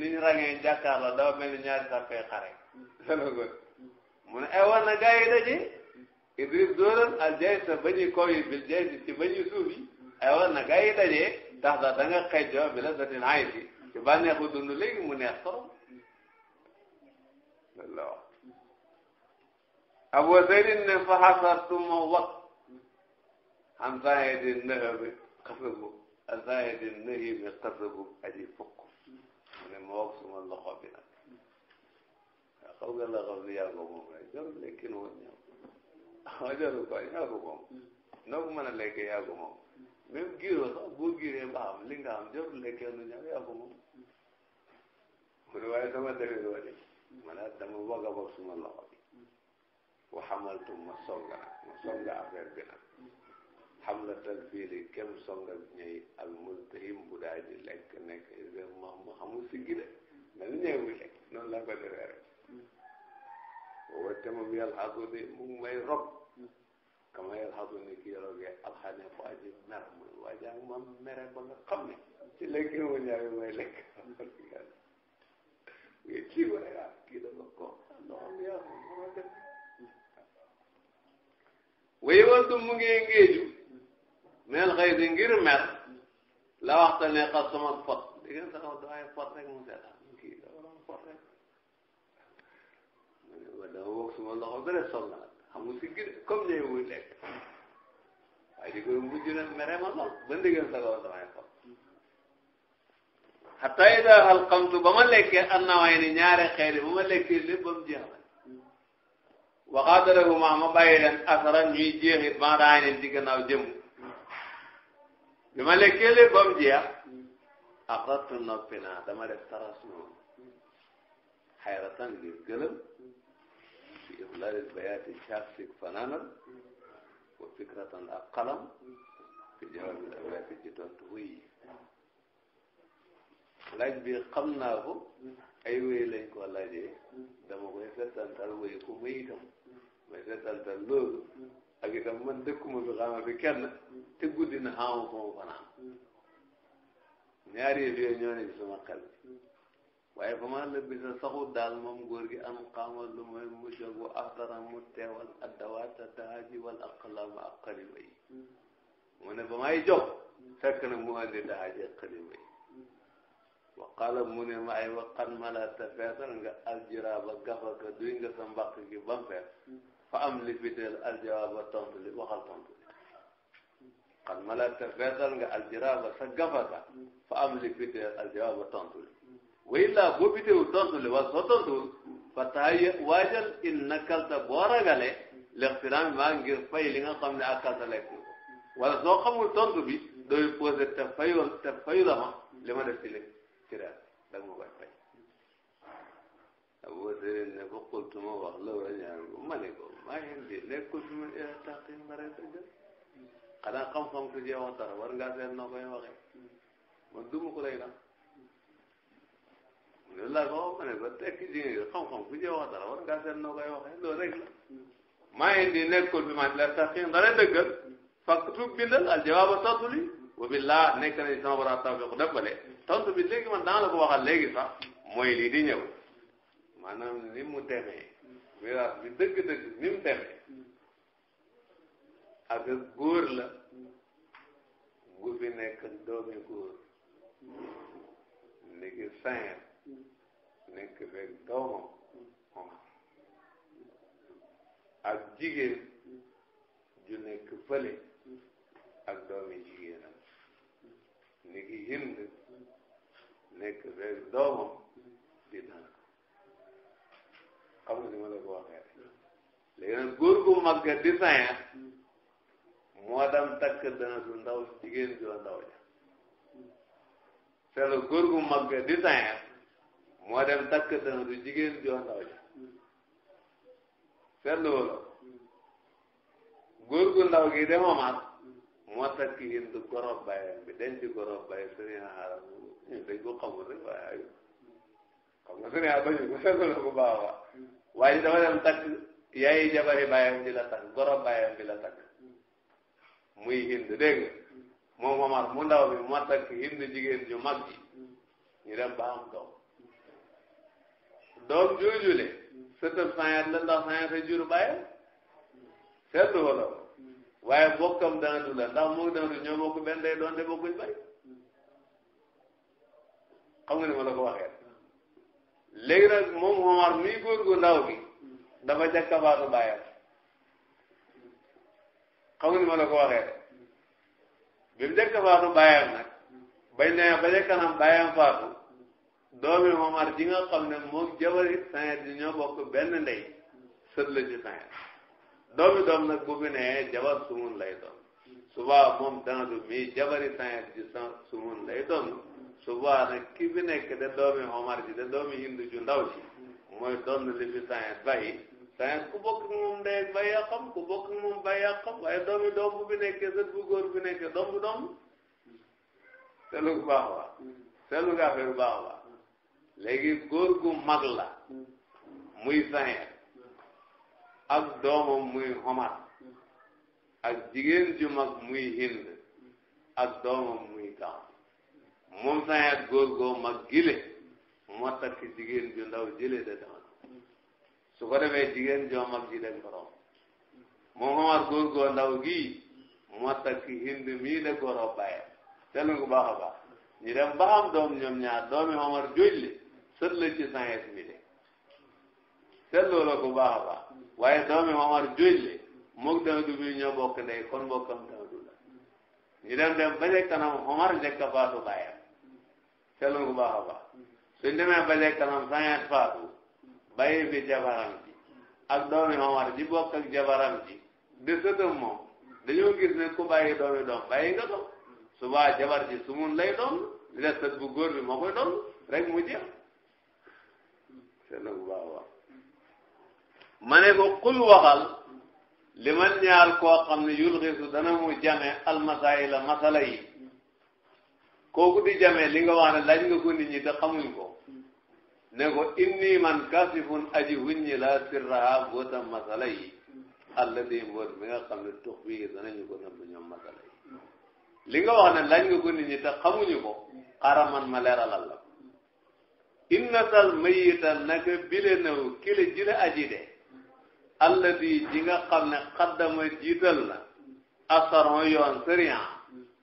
[SPEAKER 1] niñ rangee jàkkaar la dafa mel ni ñaari sax koy xare loolu ay war na gaa daje idrik dóoral aljaysa ba ñuy kaw ci ba ay war na gaa daje tax da da nga xejjoo bi la datin ay si ci bànneexu dund léegi mu neex Abu Zaydin ne fa hasartu ma wax an zaahidin nahabi qasabu an zaahidin nahibi qasabu aji fukk mu ne suma loxo bi nag xaw nga loxo bi yaa ko moom rek jarul lekkin woon ñëw ah jarul ko yaa ko moom noo ko mën a lekkee yaa ko moom même giiroo sax boo giiree ba xam li nga xam jarul lekkee nu ñëw yaa ko moom mu ne waaye wa demee ma man dama bëgg a wax suma loxo bi wa xamaltu ma songa ma songa affaire bi nag xam la talfiiri kem songa ñëy al multahim bu daa ji lekk nekk isbe ma ma xamul si gi de mel ñëwi lekk noonu laa ko defee rek booba te moom yàlla xaatu ni mu ngi may rob kama yàlla xaatu ni kii rogee alxane waa ji mer mooy waa ma mere ba nga xam ne ci lekk mu ñaawi kii wala kii dafa ko loxom ah, yaa ah, ma def wéy waltu mu ngi ngéeju mel xëy di ngir la waxta ne xas sama pot di ngeen sax daaye pot rek mu set kii da waroon pot rek mu ne ma dama wokk suma loxo bere sol na xam nga si gir ko ba di ngeen sax daaye ni ñaare xeeri ba ma lekkee lépp ba mu jeex waxaatarahuma ma bàyyi leen asaran ñuy jeexit ma daa leen ci gannaaw jëm bi ma lekkee leen ba mu jeex axartu noppi naa dama def taras noonu xayratan ngir gëlëm bi iflaalil bayaati caafsik fanaanal wa fikratan ak xalam fi jawaabil awaati ci tontu wuy laaj bi xam naa ko ay wéy lañ ko laajee dama koy settantal wéy ku muy itam may settantal loolu ak itam man dëkkuma fi xama fi kenn te guddi na xamu fu fanaan ñaari yëf yooyu ñoo ne ci sama xel waaye fa ma la bisa saxu daal moom góor gi am xamal lu may mu jóg wa aftara mu teewal addawaata daaji wal aqlaama ak xalima yi mu ne ba may jóg fekk na mu andi daaji ak xalima yi waqala mu ne ma ay waqan mala te feesal nga aljiraaba gafaka duy nga sa mbaq gi ba mu fees hmm. fa am li fiteel aljawaaba tontu li waxal tontu li xan mala te feesal nga aljiraaba sa gafaka hmm. fa am li fiteel aljawaaba tontu li hmm. wa illaa boo bitewu tontu li wala soo tontuwul fa taaya waajal in na kalta boo ragale lextiraam maa ngir fay li nga xam ne ak kalta lekk wala soo xamul tontu bi dooy posé te fayoon te fayu la ma li ma def ci lekk ci ren danga ma koy fay aboo dee ne bu xultuma wax la wala ñaan ko ma ne ko maa ngi indi nekkul fi ma ila taqi mbare dëggal xanaa xam-xam su jee wax dara war ngaa seet noo koy waxee man duma ko lay nag loolu laa ko wax ma ne ko tekki jigéen xam-xam su jee wax dara war ngaa seet noo koy waxee loolu rek la maa ngi indi nekkul fi ma ila taqi mbare dëggal fakk tuub bindal al jawaaba tatuli wa billah nekk nañ sama war a tawfiq dëppale tontu bi léegi man daan la ko waxal léegi sax mooy lii di ñëw maanaam ni mu demee miraas bi dëgg-dëgg ni mu demee ak góor la gu fi nekk doomi góor ni ki sañet nekk fekk doomam ak jigéen ju nekk fële ak doomi jigéenam ni ki hind nekk beeg doomam di daan xam nga ni ma la ko waxee léegi nag góor gu mag di saña moo dam takk dana du ndaw jigéen joo ndaw ja seetlu góor gu mag di saña moo dem takk dana du jigéen joo ndaw ja seetlu wala
[SPEAKER 2] góor gu ndaw gi dema mat
[SPEAKER 1] moo takk yéen du gorob bayam bi denc gorob bay sëriñ xaaral ñun dañ ko xamul rek waaye aywa xam nga su a baax waaye dama dem takk yaayi jabari bàyyam bi la takk goro bàyyam bi la takk muy hind dégg nga moom Omar mu ndaw bi moo takk hind jigéen ju mag ji ñu dem ba am doom doom joojule sëtëb sañaat la ndax sañaat a jur bàyyam seetlu ko la waaye bokkam daandu la ndax mu daandu ñoo bokk benn day doon te bokkuñ bay xam nga ni ma la ko waxee léegi nag moom Omar mii góor gu ndaw gi dafa jàkka baatu bàyyam xam nga ni ma bi mu jàkka baatu bàyyam nag bañ ne ba ca faatu doomi Omar ji nga xam ne moom jabari sanet di ñoo bokk benn ndey sët la ci sanet doomi doom nag bu fi nee jabar sumun lay doon suba moom dana du mii jabari sanet ji sumun lay doon su boobaa nag ki bi nekk da doomi Omar ji da doomi Hindu ju ndaw mooy doon li fi science bayi science ku bokk moom ndey bayi a xam ku bokk moom bayi a xam doomi doom bi bu góor bi nekkee doom bu doom seetlu bu baax wa seetlu nga affaire bu baax léegi góor gu mag la muy science ak doomam muy Omar ak jigéen ju mag muy Hind ak doomam muy Kaw moom saxeet góor goo mag gile moo takk jigéen ju ndaw jëlee da dama su ko defee jigéen joo mag ji dem moom xamar góor goo ndaw gi moo takk hind mii la góoroo bàyyam seetlu nga baax a baax ñu dem doom ñoom ñaar doomi xamar jooj li sët la ci saxeet mi de seetlu la ko baax a baax waaye doomi xamar jooj li mook Dawdu bi ñoo bokk ndey kon bokkam Dawdu la ñu dem dem ba ca kanam xamar njëkk a baatu bàyyam seetlu bu baax a baax suñ demee ba léegi kanam sañet faatu bàyyi bi jabaram ji ak doomi Omar ji bokk ak jabaram ji de sëtam moom dañoo gis ne ku bàyyi doomi doom bàyyi nga doom subaa jabar ji su mun lay doon li des sët bu góor bi moo koy doon rek mu jeex seetlu bu baax a ma ne ko xul waxal li man ñaal koo xam ne yul xisu dana mu jame almasaila masala yi kooku di jamee li nga wax ne laaj nga ko nit ñi xamuñ ko
[SPEAKER 3] ne ko inni
[SPEAKER 1] man kasifun aji wuññi laa sirraha bootam masala yi alladi mboot mi nga xam ne tux bii danañu ko nëbb ñoom masala
[SPEAKER 3] yi wax ne laaj
[SPEAKER 1] nga ko nit ñi xamuñu ko xaaral man ma leeralal la innatal mayita naka bile naw kile jile aji de alladi ji nga xam ne xaddama jiital na asaron yoon sëriyan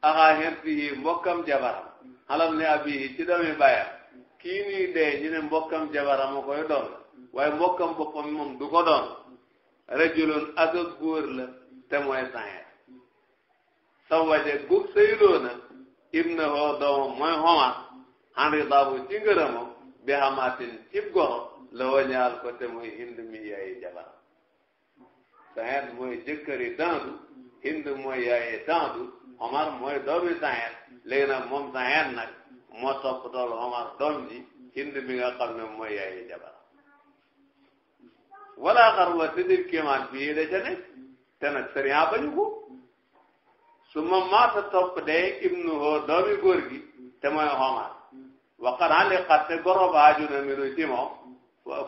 [SPEAKER 1] axaa xirtihi mbokkam jabaram xalal ne abihi ci doomi bàyyam kii nii dee ñu ne mbokkam jabaram a koy doon waaye mbokkam boppam moom du ko doon rajulun asos góor la te mooy sañet sawaje gug sayloona ibnahu doomam mooy xomar xan ridaabu ci ngërëmam bi xamaatin cib goro la wañaal ko te mooy hind mi yaayi jabaram sañet mooy jëkkëri dandu hind mooy yaayi dandu Omar mooy doomi Zayd léegi nag moom Zayd nag moo topp dool Omar doom ji Hind mi nga xam ne mooy yaayu jabar wala xarwa te di kéemaan bi yéede ca nekk te nag sëriñ bañu ko su ma maata topp dee ibnu hoo doomi góor te mooy Omar waqar hande xatte goro ba aju na minu ci moom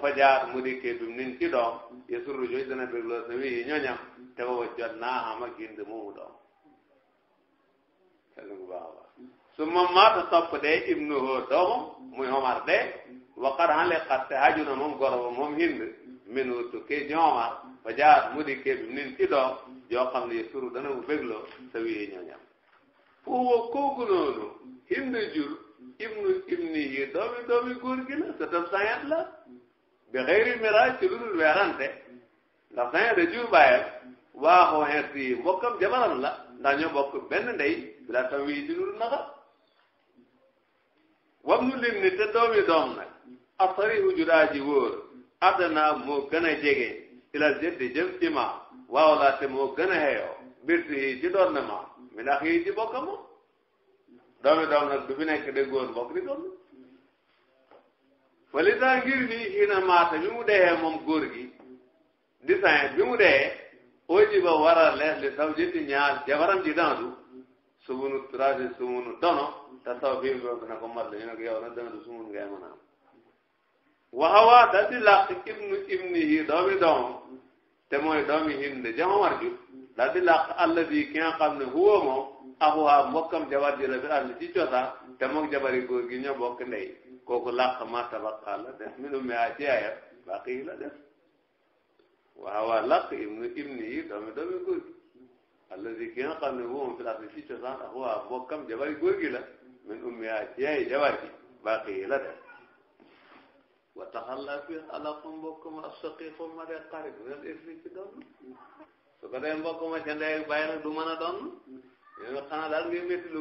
[SPEAKER 1] fajaar mu dikkee dum nin ci doom yesuru jooy dana bégloo sa wi yi ñoñam te ba waccoon naa xam ak Hind moomu doom su ma maata topp de ibnu hoo doomam muy Omar de waqar hanle xatte haju na moom goro moom hind min wu tukkee ji Omar ba jaar mu dikkee bi nin ci doom yoo xam ne suru dana mu bégloo sa wiyee ñooñam fu woo kooku noonu hind jur ibnu ibni yi doomi doomi góor gi la sa tam sanget la bi xëyri miraaj ci lu dul sanget da jur bàyyam waaxoo xeet yi mbokkam jabaram la ndax ñoo bokk benn ndey bila tam wi ci lu naka wam nu lim ni te doomi doom nag asari hujuraaji wóor addana moo gën a jege ila jëddi jëm ci maam waaw laa te moo gën a xeyoo birti yi ci na maam mi ndax yi ci bokka moom doomi doom nag du fi nekk de góor bokk di doon wali taa ngir nii xiina maata bi mu dee moom góor gi di sañ bi mu dee oji ba waral lees li saw jëtti ñaar jabaram ji dandu sumunu traje sumunu dono te taw bi nga na ko mat la ñu ko yow nag dana du sumun ngay mën a am waxawaa da
[SPEAKER 2] ibnu yi doomi doomam
[SPEAKER 1] te mooy doomi hind jama war ju da di làq àll bi ki nga la bi àll ci cosaan te mook jabari góor la def minu mea ci ibnu yi doomi doomi góor alladi ki nga xam ne moom fi laata si cosaan ak waa bokkam jabari góor gi la min ummiha ci yaay jabar ji baaqi yi la def wa taxalla fi alaqa mbokk ma saqiqu ma de xarit ko
[SPEAKER 3] dee mbokk ma ca ndey a lu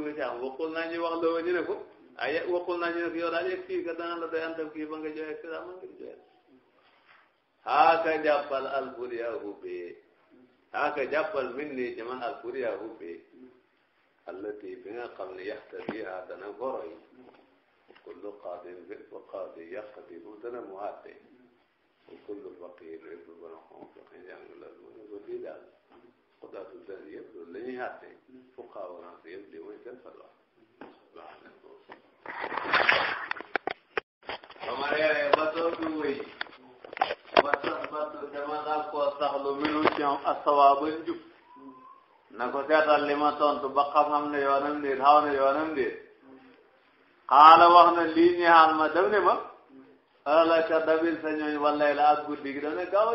[SPEAKER 1] nga ci am waxul naa ñu wax loo ne ko ay waxul naa ñu ne ko yow daal yegg fii ka dana la doy antal kii ba nga joxe kii daa mën nga haa ka jàppal al buriyahu bee aka jàppal min nii ci man alfuriya hubbee allati bi nga xam ne yaxtadiha dana goroy kullu qaadin bépp qaadi yaxtadi bu dana mu àtte wa kullu faqiir bépp bana xam fexe njàng la mu ne ko lii daal xudaatu dan yëpp loolu la ñuy àtte fuqaaw naa si yëpp li mooy seen fatwa baax na ko ba ma reeree ba soo du wéy dama daal koo saxlu minu ci am asawaabu njub na ko seetal li ma tontu ba xam-xam ne yoonam déet xaw na yoonam déet xaala wax na lii ñu xaal ma dem ne ma ala ka dabil sa ñooñ wallay la ak guddi gi daf ne gaaw a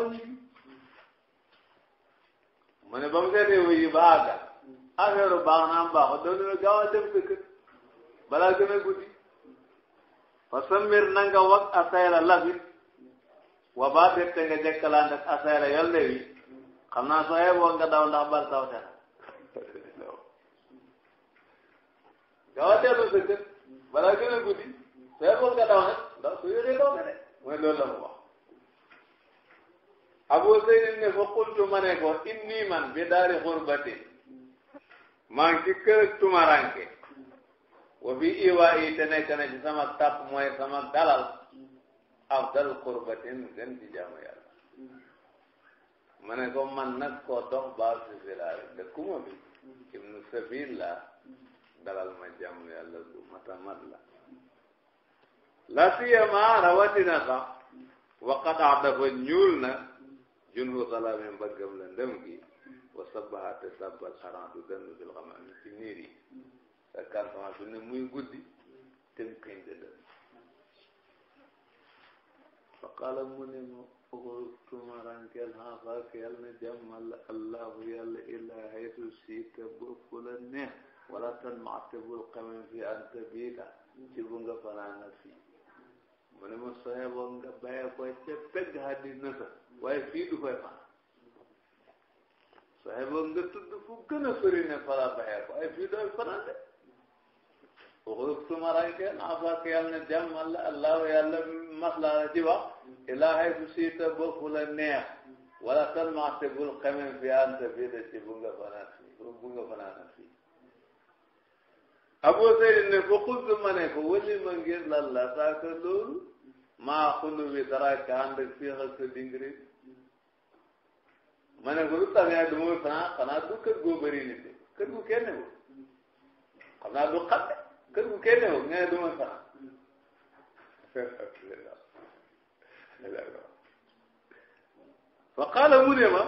[SPEAKER 1] mu ne ba mu seetee wuyu ba àgga affaire baax na am baaxul daf ne ma gaaw a dem dëkk balaa gën guddi fa samir na nga wax asayla lafit wa ba te nga jëkkalaan def aseere yolle wi xam soo yeboo nga daw ndax bal saw te gawa teelu balaa gën a guddi soo yeboo nga daw nag ndax su yéexee daw nga de mooy loolu la mu wax abu zeydin ne fa qultu ma ne ko inni man bi daari xurbati maa ngi ci kër tumaranke wa fi iwa te nekk ci sama tàpp mooy sama dalal afdal qurbatin gën ci jaamu yàlla ma ko man nag dox baal si silaare dëkkuma bi ibnu sabil la dalal ma jaamu yàlla bu matamat la la siyama rawatina sax waqataa dafa ñuul na junhu salaame mbaggam la ndëm gi wa sabaha te sabal xaran du dënn bil xamam ci niir yi sa kantamaa bi ne muy guddi tem këñ de fa qaala mu ne ma oxol tumarankel xaafaak yàlla na jàmmal allahu yàlla illaa haytu siita bopp la neex wala tan maate bul xamen fi anta biita ci bu nga fanaana fii mu ne ma soxeboon nga bàyyi ko ca pegg àddina sa waaye fii du koy fan soxeboon nga tudd fu gën a sori ne fala bàyyi ko waaye fii dooy fanaan de oxol tumarankel xaafaak yàlla na jàmmal allahu yàlla maslaa la ci wax ilaahay bu siita ba neex wala seulement te bul xamee fi anta bi da ci bu nga fanaan fii bu nga Abu Zayd ne ko xultu ma ko wali ma ngir lan la saaka loolu maa xulu bi dara ka ànd ak fii xal sa dingri
[SPEAKER 3] ko lu nga du ma
[SPEAKER 1] fanaan xanaa du kër goo bëri nit kër gu kenn ko naa du xam kër nga du ma fa qaala mu ne ma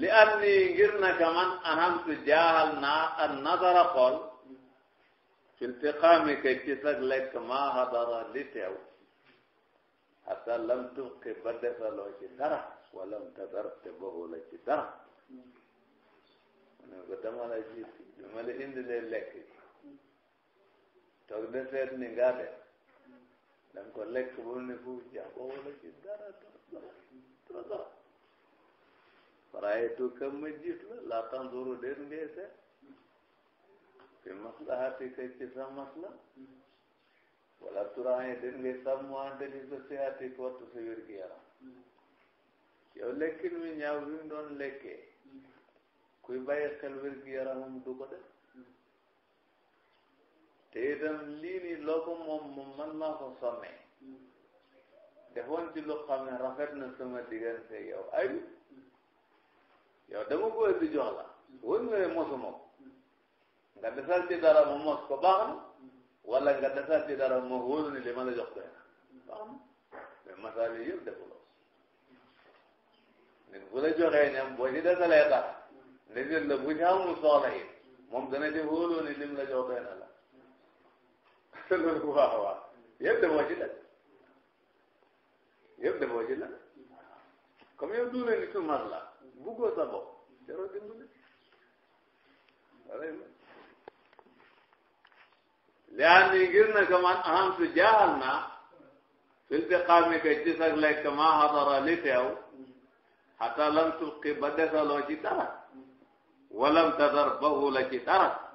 [SPEAKER 1] li am ni ngir naka man ahamtu jaaxal naa an nazara xool ci iltiqaamika ci sag lekk maa hadara li teew hatta lam tubqi ba desaloo ci dara walam tadar te baxula ci dara mu ne ko dama la jiit bi ma la indilee lekk toog de seet ni ngaa def da ko lekk ba mu ne foofu jàppoo wala ci dara dara dara dara. Faraayitu kam ma gis la laa den ngay seet. fi maslahatika ci sa masla. wala turaan den ngay sàmmante li sa sihatika wattu sa wér gi yaram. yow lekkin mi ñaaw bi mu doon lekkee. kuy bàyyi xel wér gi yaramam du ko def. te itam lii nii loo moom man maa ko sonne defoon ci lu xam ne rafet na sama diggante yow ay yow dama ko di jox la wër mosuma nga desal ci dara mos ko baax na wala nga desal ci dara ma wóolu baax na mais masaal yi yëpp defuloo nit bu la joxee ñam boo ci desalee dara nit la bu ci amul soxla moom dana ci wóoloo ne lim la jox doy na la seetlu bu baax a baax yëpp demoo ci nag yëpp demoo ci nag comme yow duule ni tuumaat la buggoo sa bopp jaroo dimbali leen ni ngir na ka man aham su jaaxal naa fil te xaami ka ci sag lekk maa xadara li teew xataa lam tubqi ba desaloo ci dara walam tadar bahula ci dara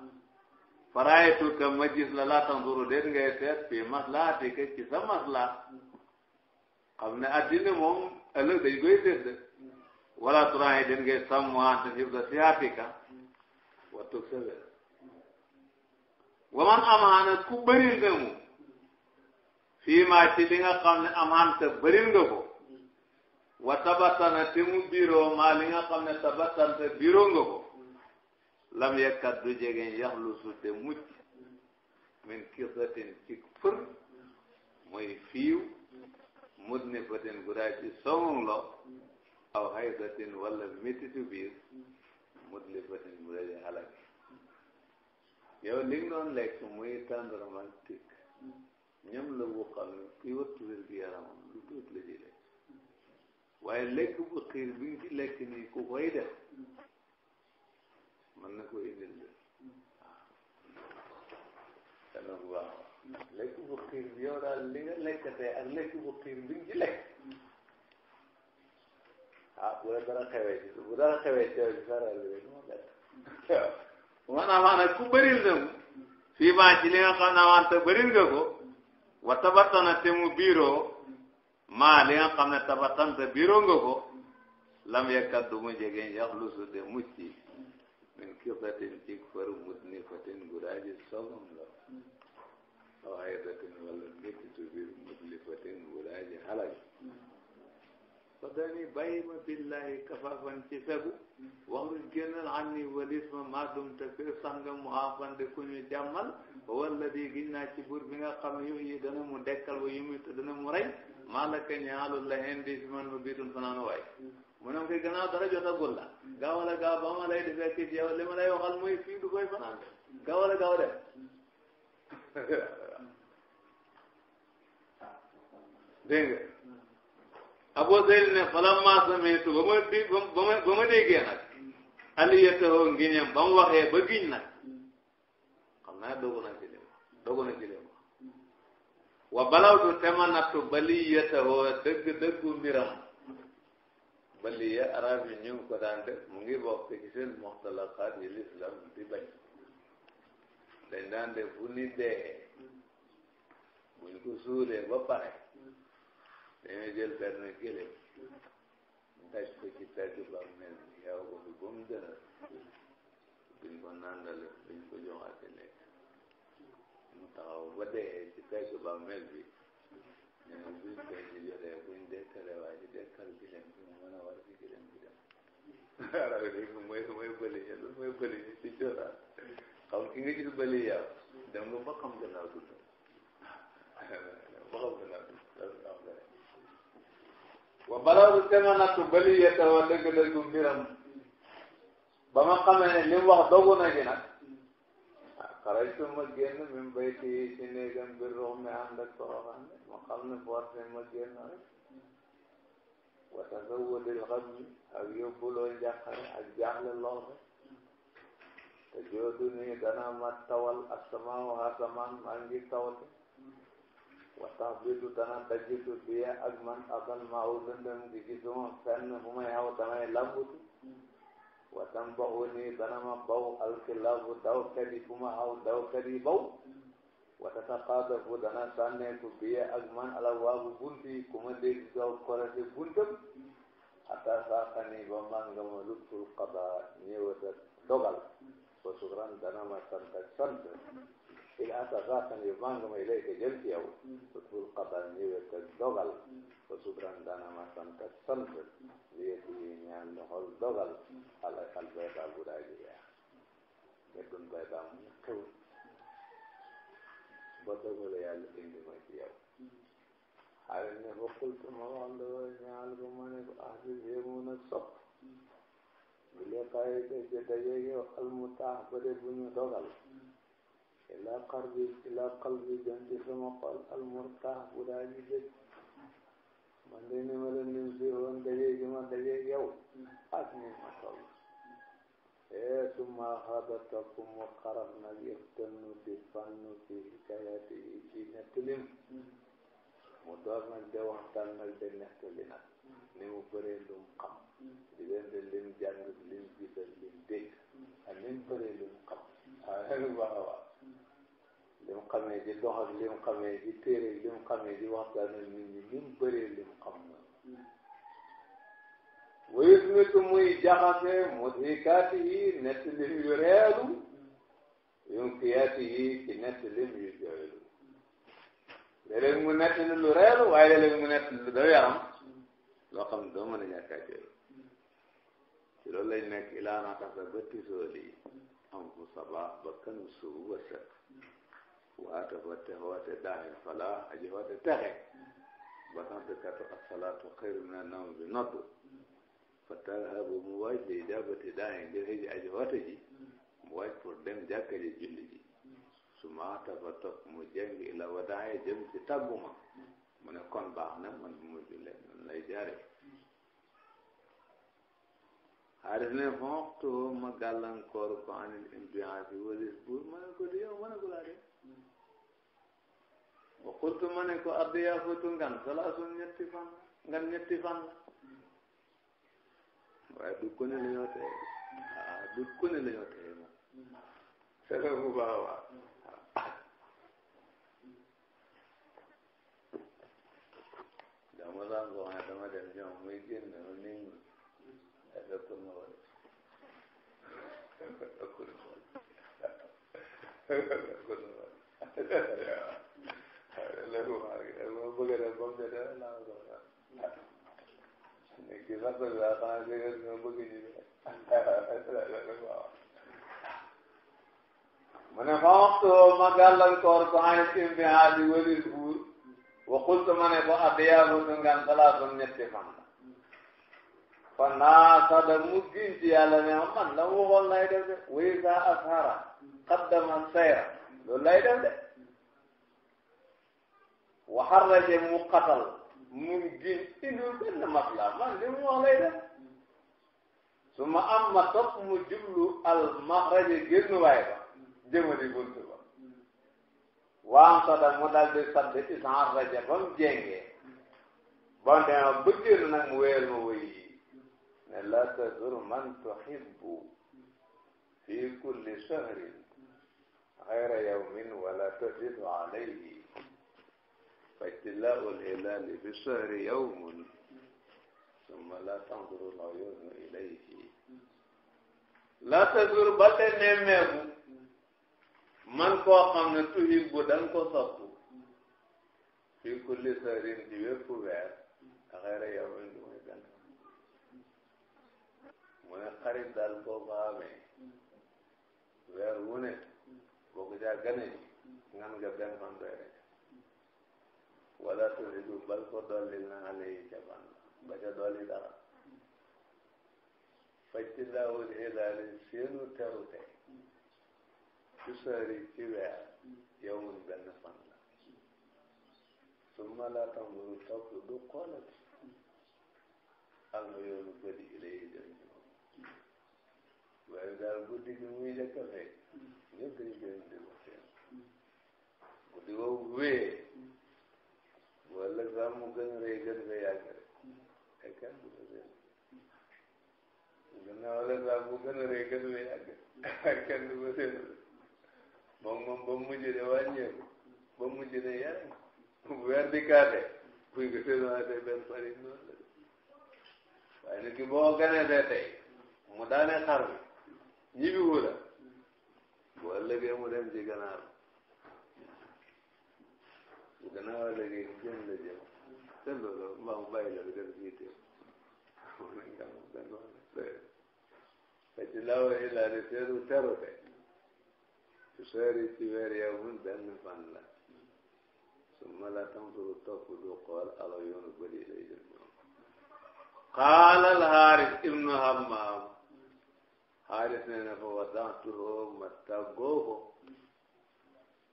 [SPEAKER 1] faraayitu ka ma gis la laa tanzuru déet ngay seet fii maslaati ci sa masla xam ne addina moom ëllëg dañ koy sédd wala turan yi déet ngay sàmmante xib da siyaati ka wattu sebe waman amaana ku bëri nga mu fii maa ci li nga nga ko wa tabatana te mu biro maa li nga xam ne tabatanta biro nga ko lam yekkat du jegeñ yaxlu su te mucc min kisatin ci për mooy fiiw mut ni fatin gudaay ci soŋoŋ lo aw haydatin walla métitu biir mut li fatin gudaay ci halak yow li nga doon lekk muy tàndarma tik ñam la bu xam ne kuy wattu wér bi yaramam lu tuut la ji lekk waaye lekk bu xiir bi nga ci lekk ku koy man na ko indil de dana bu baax lekk bu xiir bi yow lekk bu xiir bi nga ci lekk ah bu la dara bu dara xewee ci yow ci sa réew fii maa ci li nga ne wante bëril nga ko wa tabatana te mu biiroo maa li nga ne tabatanta biiroo nga ko
[SPEAKER 2] lam yekkat du
[SPEAKER 1] mu jege yax lu su min kifatin cik faru mudnifatin gudaaji sobam la aw haydatin walla méttitu biir mudlifatin gudaaji halal fa dani bàyyi kafaafan ci fegu waxru génnal an ni maadum te fir sanga muhaafan de ku ñu jàmmal walla di giñ ci buur bi nga xam yu yi dana mu dekkal wa yu muy dana mu rey maa la ka la hen si man ma biitum fanaan waay mu ne ko gannaaw dara jotagul la gaaw la gaaw ma lay defee kii yow li ma lay mooy fii du koy fanaan gaaw la gaaw def dégg nga Abu Zayd ne falammaa sami'tu ba ma dé ba ma ba ma déggee nag aliyatahu ngiñam ba mu waxee ba giñ nag xam naa dogu na ci lépp dogu na ci lépp wa balawtu tema nattu baliyatahu dëgg dëggu mbiram bal ya arab yi ñu ko daan def mu ngi bokk ci seen yi lislam di bañ dañ daan def bu ni dee buñ ko suulee ba pare dañuy jël benn gëlëm daj ko ci pegg bàmmeel bi yow ko fi ba mu dënër buñ ko nàndale buñ ko joxaate nekk mu taxaw ba dee ci pegg bàmmeel bi ñun suñ kër gi jotee buñ dekkale waa ji dekkal gilem bi mu mën a war ci gilem bi dem arabe léegi mooy mooy bëliya loolu mooy bëliya ci cosaan xam ki nga gis bëliya dem nga ba xam gannaaw dund ba xam gannaaw
[SPEAKER 3] dund am nga
[SPEAKER 1] wa balaaru tema nattu bëliya te wa dëgg-dëggu mbiram ba ma xamee ne mu wax dogu na ci nag xarajtu ma génn min bayti ci néegam bi ruux mi ànd ak ma xam ne boot ma génn rek wa tazawwadil xammi ak yóbbuloo njàqare ak jaaxle lool rek te joodu nii dana ma tawal asamaan wa asamaan maa ngi tawte wa tahbitu dana dajitu biya ak man abal maa wu lëndëm gi gisuma fenn fu may xaw damay lambutu watam ba wu nii dana baw alkilaabu dawkat yi fu ma aw dawkat yi baw wata taqaadafu dana sànneeku biye ak man alawaabu bunt ku ma dégg gaw korate buntam hatta saaxani ba man nga ma luttul qadaa ñëwata dogal ba sukran dana ma sant ak ilaa tasaasan yu maa ngi may lay jël ci yow utul xatal ñëwee ko dogal fa subran dana ma sant ak sant lii ñaan loxol dogal ala al bayda bu daa ji yaa nekkul bayda mu xew ba dogal yàlla indi ma ci yow xaaral ne ko xultu ma wax la wa ñaal ba ma ne ko ahli yéemu na sopp bi leqaayi ko ci dajeeg yow almutaax ba de bu ñu dogal ila qalbi ila qalbi jëm ci sama xol al murtah bu daa ji ma la nim si woon dajee gi ma dajee yow ak ni ma toll ee mu xaraf nag yëftannu di fànnu fi hikayati yi ci nettalim mu door nag waxtaan nag de nettali nag ni mu bëree lum xam diggante lim jàng lim gisal lim dégg ak nim bëree lum xam waaw baax a baax li mu xamee ci dox ak li mu xamee ci téere li mu xamee ci waxtaan ak nit ñi li mu bëree li mu xam
[SPEAKER 3] na
[SPEAKER 2] wayus mitu muy jaxase
[SPEAKER 1] musikaati yi nett lim yu reelu yu kiyaati yi ci nett lim yu jooylu léeg-léeg mu nett lu reelu waaye léeg-léeg mu nett lu daw yaram loo xam ne doo mën a ñàkk a jooylu ci loolu lañ nekk ilaa nakasa ba tisooli am fu sabaa ba kanu suubu ba set waate a wate daaxil falaax aji wate texe ba tax dëkkatu asalaatu xayru mina nawm bi nodd fa tarhabu mu waaj li ijaabati daaxil ngir xëji aji wate ji mu waaj pour dem jàkka ji julli ji su maata ba topp mu jeng ila wadaaye jëm ci tàggu ma mu ne kon baax na man bu mu jullee noonu lay jaare xaalis ne foxtu ma gàllankoor ko anil imtihaas yi walis buur ma ne ko di yow ma ne ko laa wa xultu ma ne ko addiyaafatu ngan salaasun ñetti fan ngan ñetti fan waaye du ko ne la ñoo teye ah du ko ne la ñoo teye moom sebe bu baax waa dama daan ko xam ne dama dem ñoom muy génn ma ning ma ay doktor ma wala mu ne ma waxtu ma gàllankoor ko xane ci mbihaa di wëlil buur waxultu ma ne ko addiyaamu su ngan salaatum ñetti fan la fan naa sada mu giñ ci yàlla ne man la mu waxoon lay def de wéy saa ashara qaddama sayra loolu lay def de waxarraje mu xatal mu ngi indil benn masla man li mu wax lay def su ma am ma topp mu jublu al maxraje génnuwaay ba jëmali bunt ba waam sada mu dal di sadd isan raje ba mu jéngee ba mu demee ba génn nag mu wéyal ma wéy yi ne la tazur man tuhibbu fi kulli shahrin xayra yawmin wala tazidu alayhi فاجتلاء الهلال في الشهر يوم ثم لا تنظر العيون إليه
[SPEAKER 2] la tazur ba te
[SPEAKER 1] nemmeeku man koo xam ne tuhibbu da nga ko sopp fi kulli sarin ci wépp weer axeera yawmin du muy benn mu ne xarit daal koo ko amee weer wu ne boo ko gane nga benn fan doy wala turidu bal ko dolli na alayhi ca ban ba ca dolli dara facci laawul hilaali seenu terute ci sori ci weer yow mun benn fan la summa la tamburu topp du xoolati am na yoonu bëri ilay jëm ci moom waaye daal guddi gi muy njëkk a fekk di ko wee wala sax mu gën rëy gën nga yàgg rek kenn du ko gën gannaaw wala sax mu gën rëy gën nga yàgg kenn du ko gën moom moom ba mu mujj de wàññeeku ba mu mujj de yàgg weer di kaate buy ko séddoonate benn pari noonu la waaye nit ki boo gënee dee tey mu daane xar bi ñibbi wu la bu ëllëgee mu dem ci gànnaar gannaaw a léegi jëm la jëm te loolu mbaa mu bàyyi la lu dem jiite ci law ila di teru terute su seeri ci weer yow mun benn fan la su ma la tanturu topp du xool ala yoonu bëri lay jëm qaala al Haaris ibnu Hammaam Haaris nee na fa wa dantoo ma tàggoo ko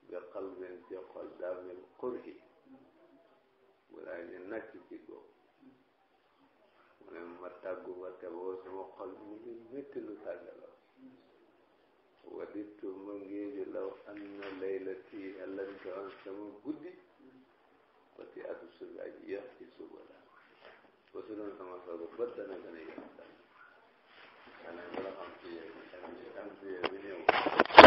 [SPEAKER 1] bi qalbin ci xol daa min qurhi mu daal di nàcc ci ma tàggu ba te boo sama xol mu ngi métti lu tàggaloo ma ngi ji law an na laylati allan doon sama guddi ba ci atu suba ji yéex ci suba la ba su doon sama soog a bët dana gën a yéex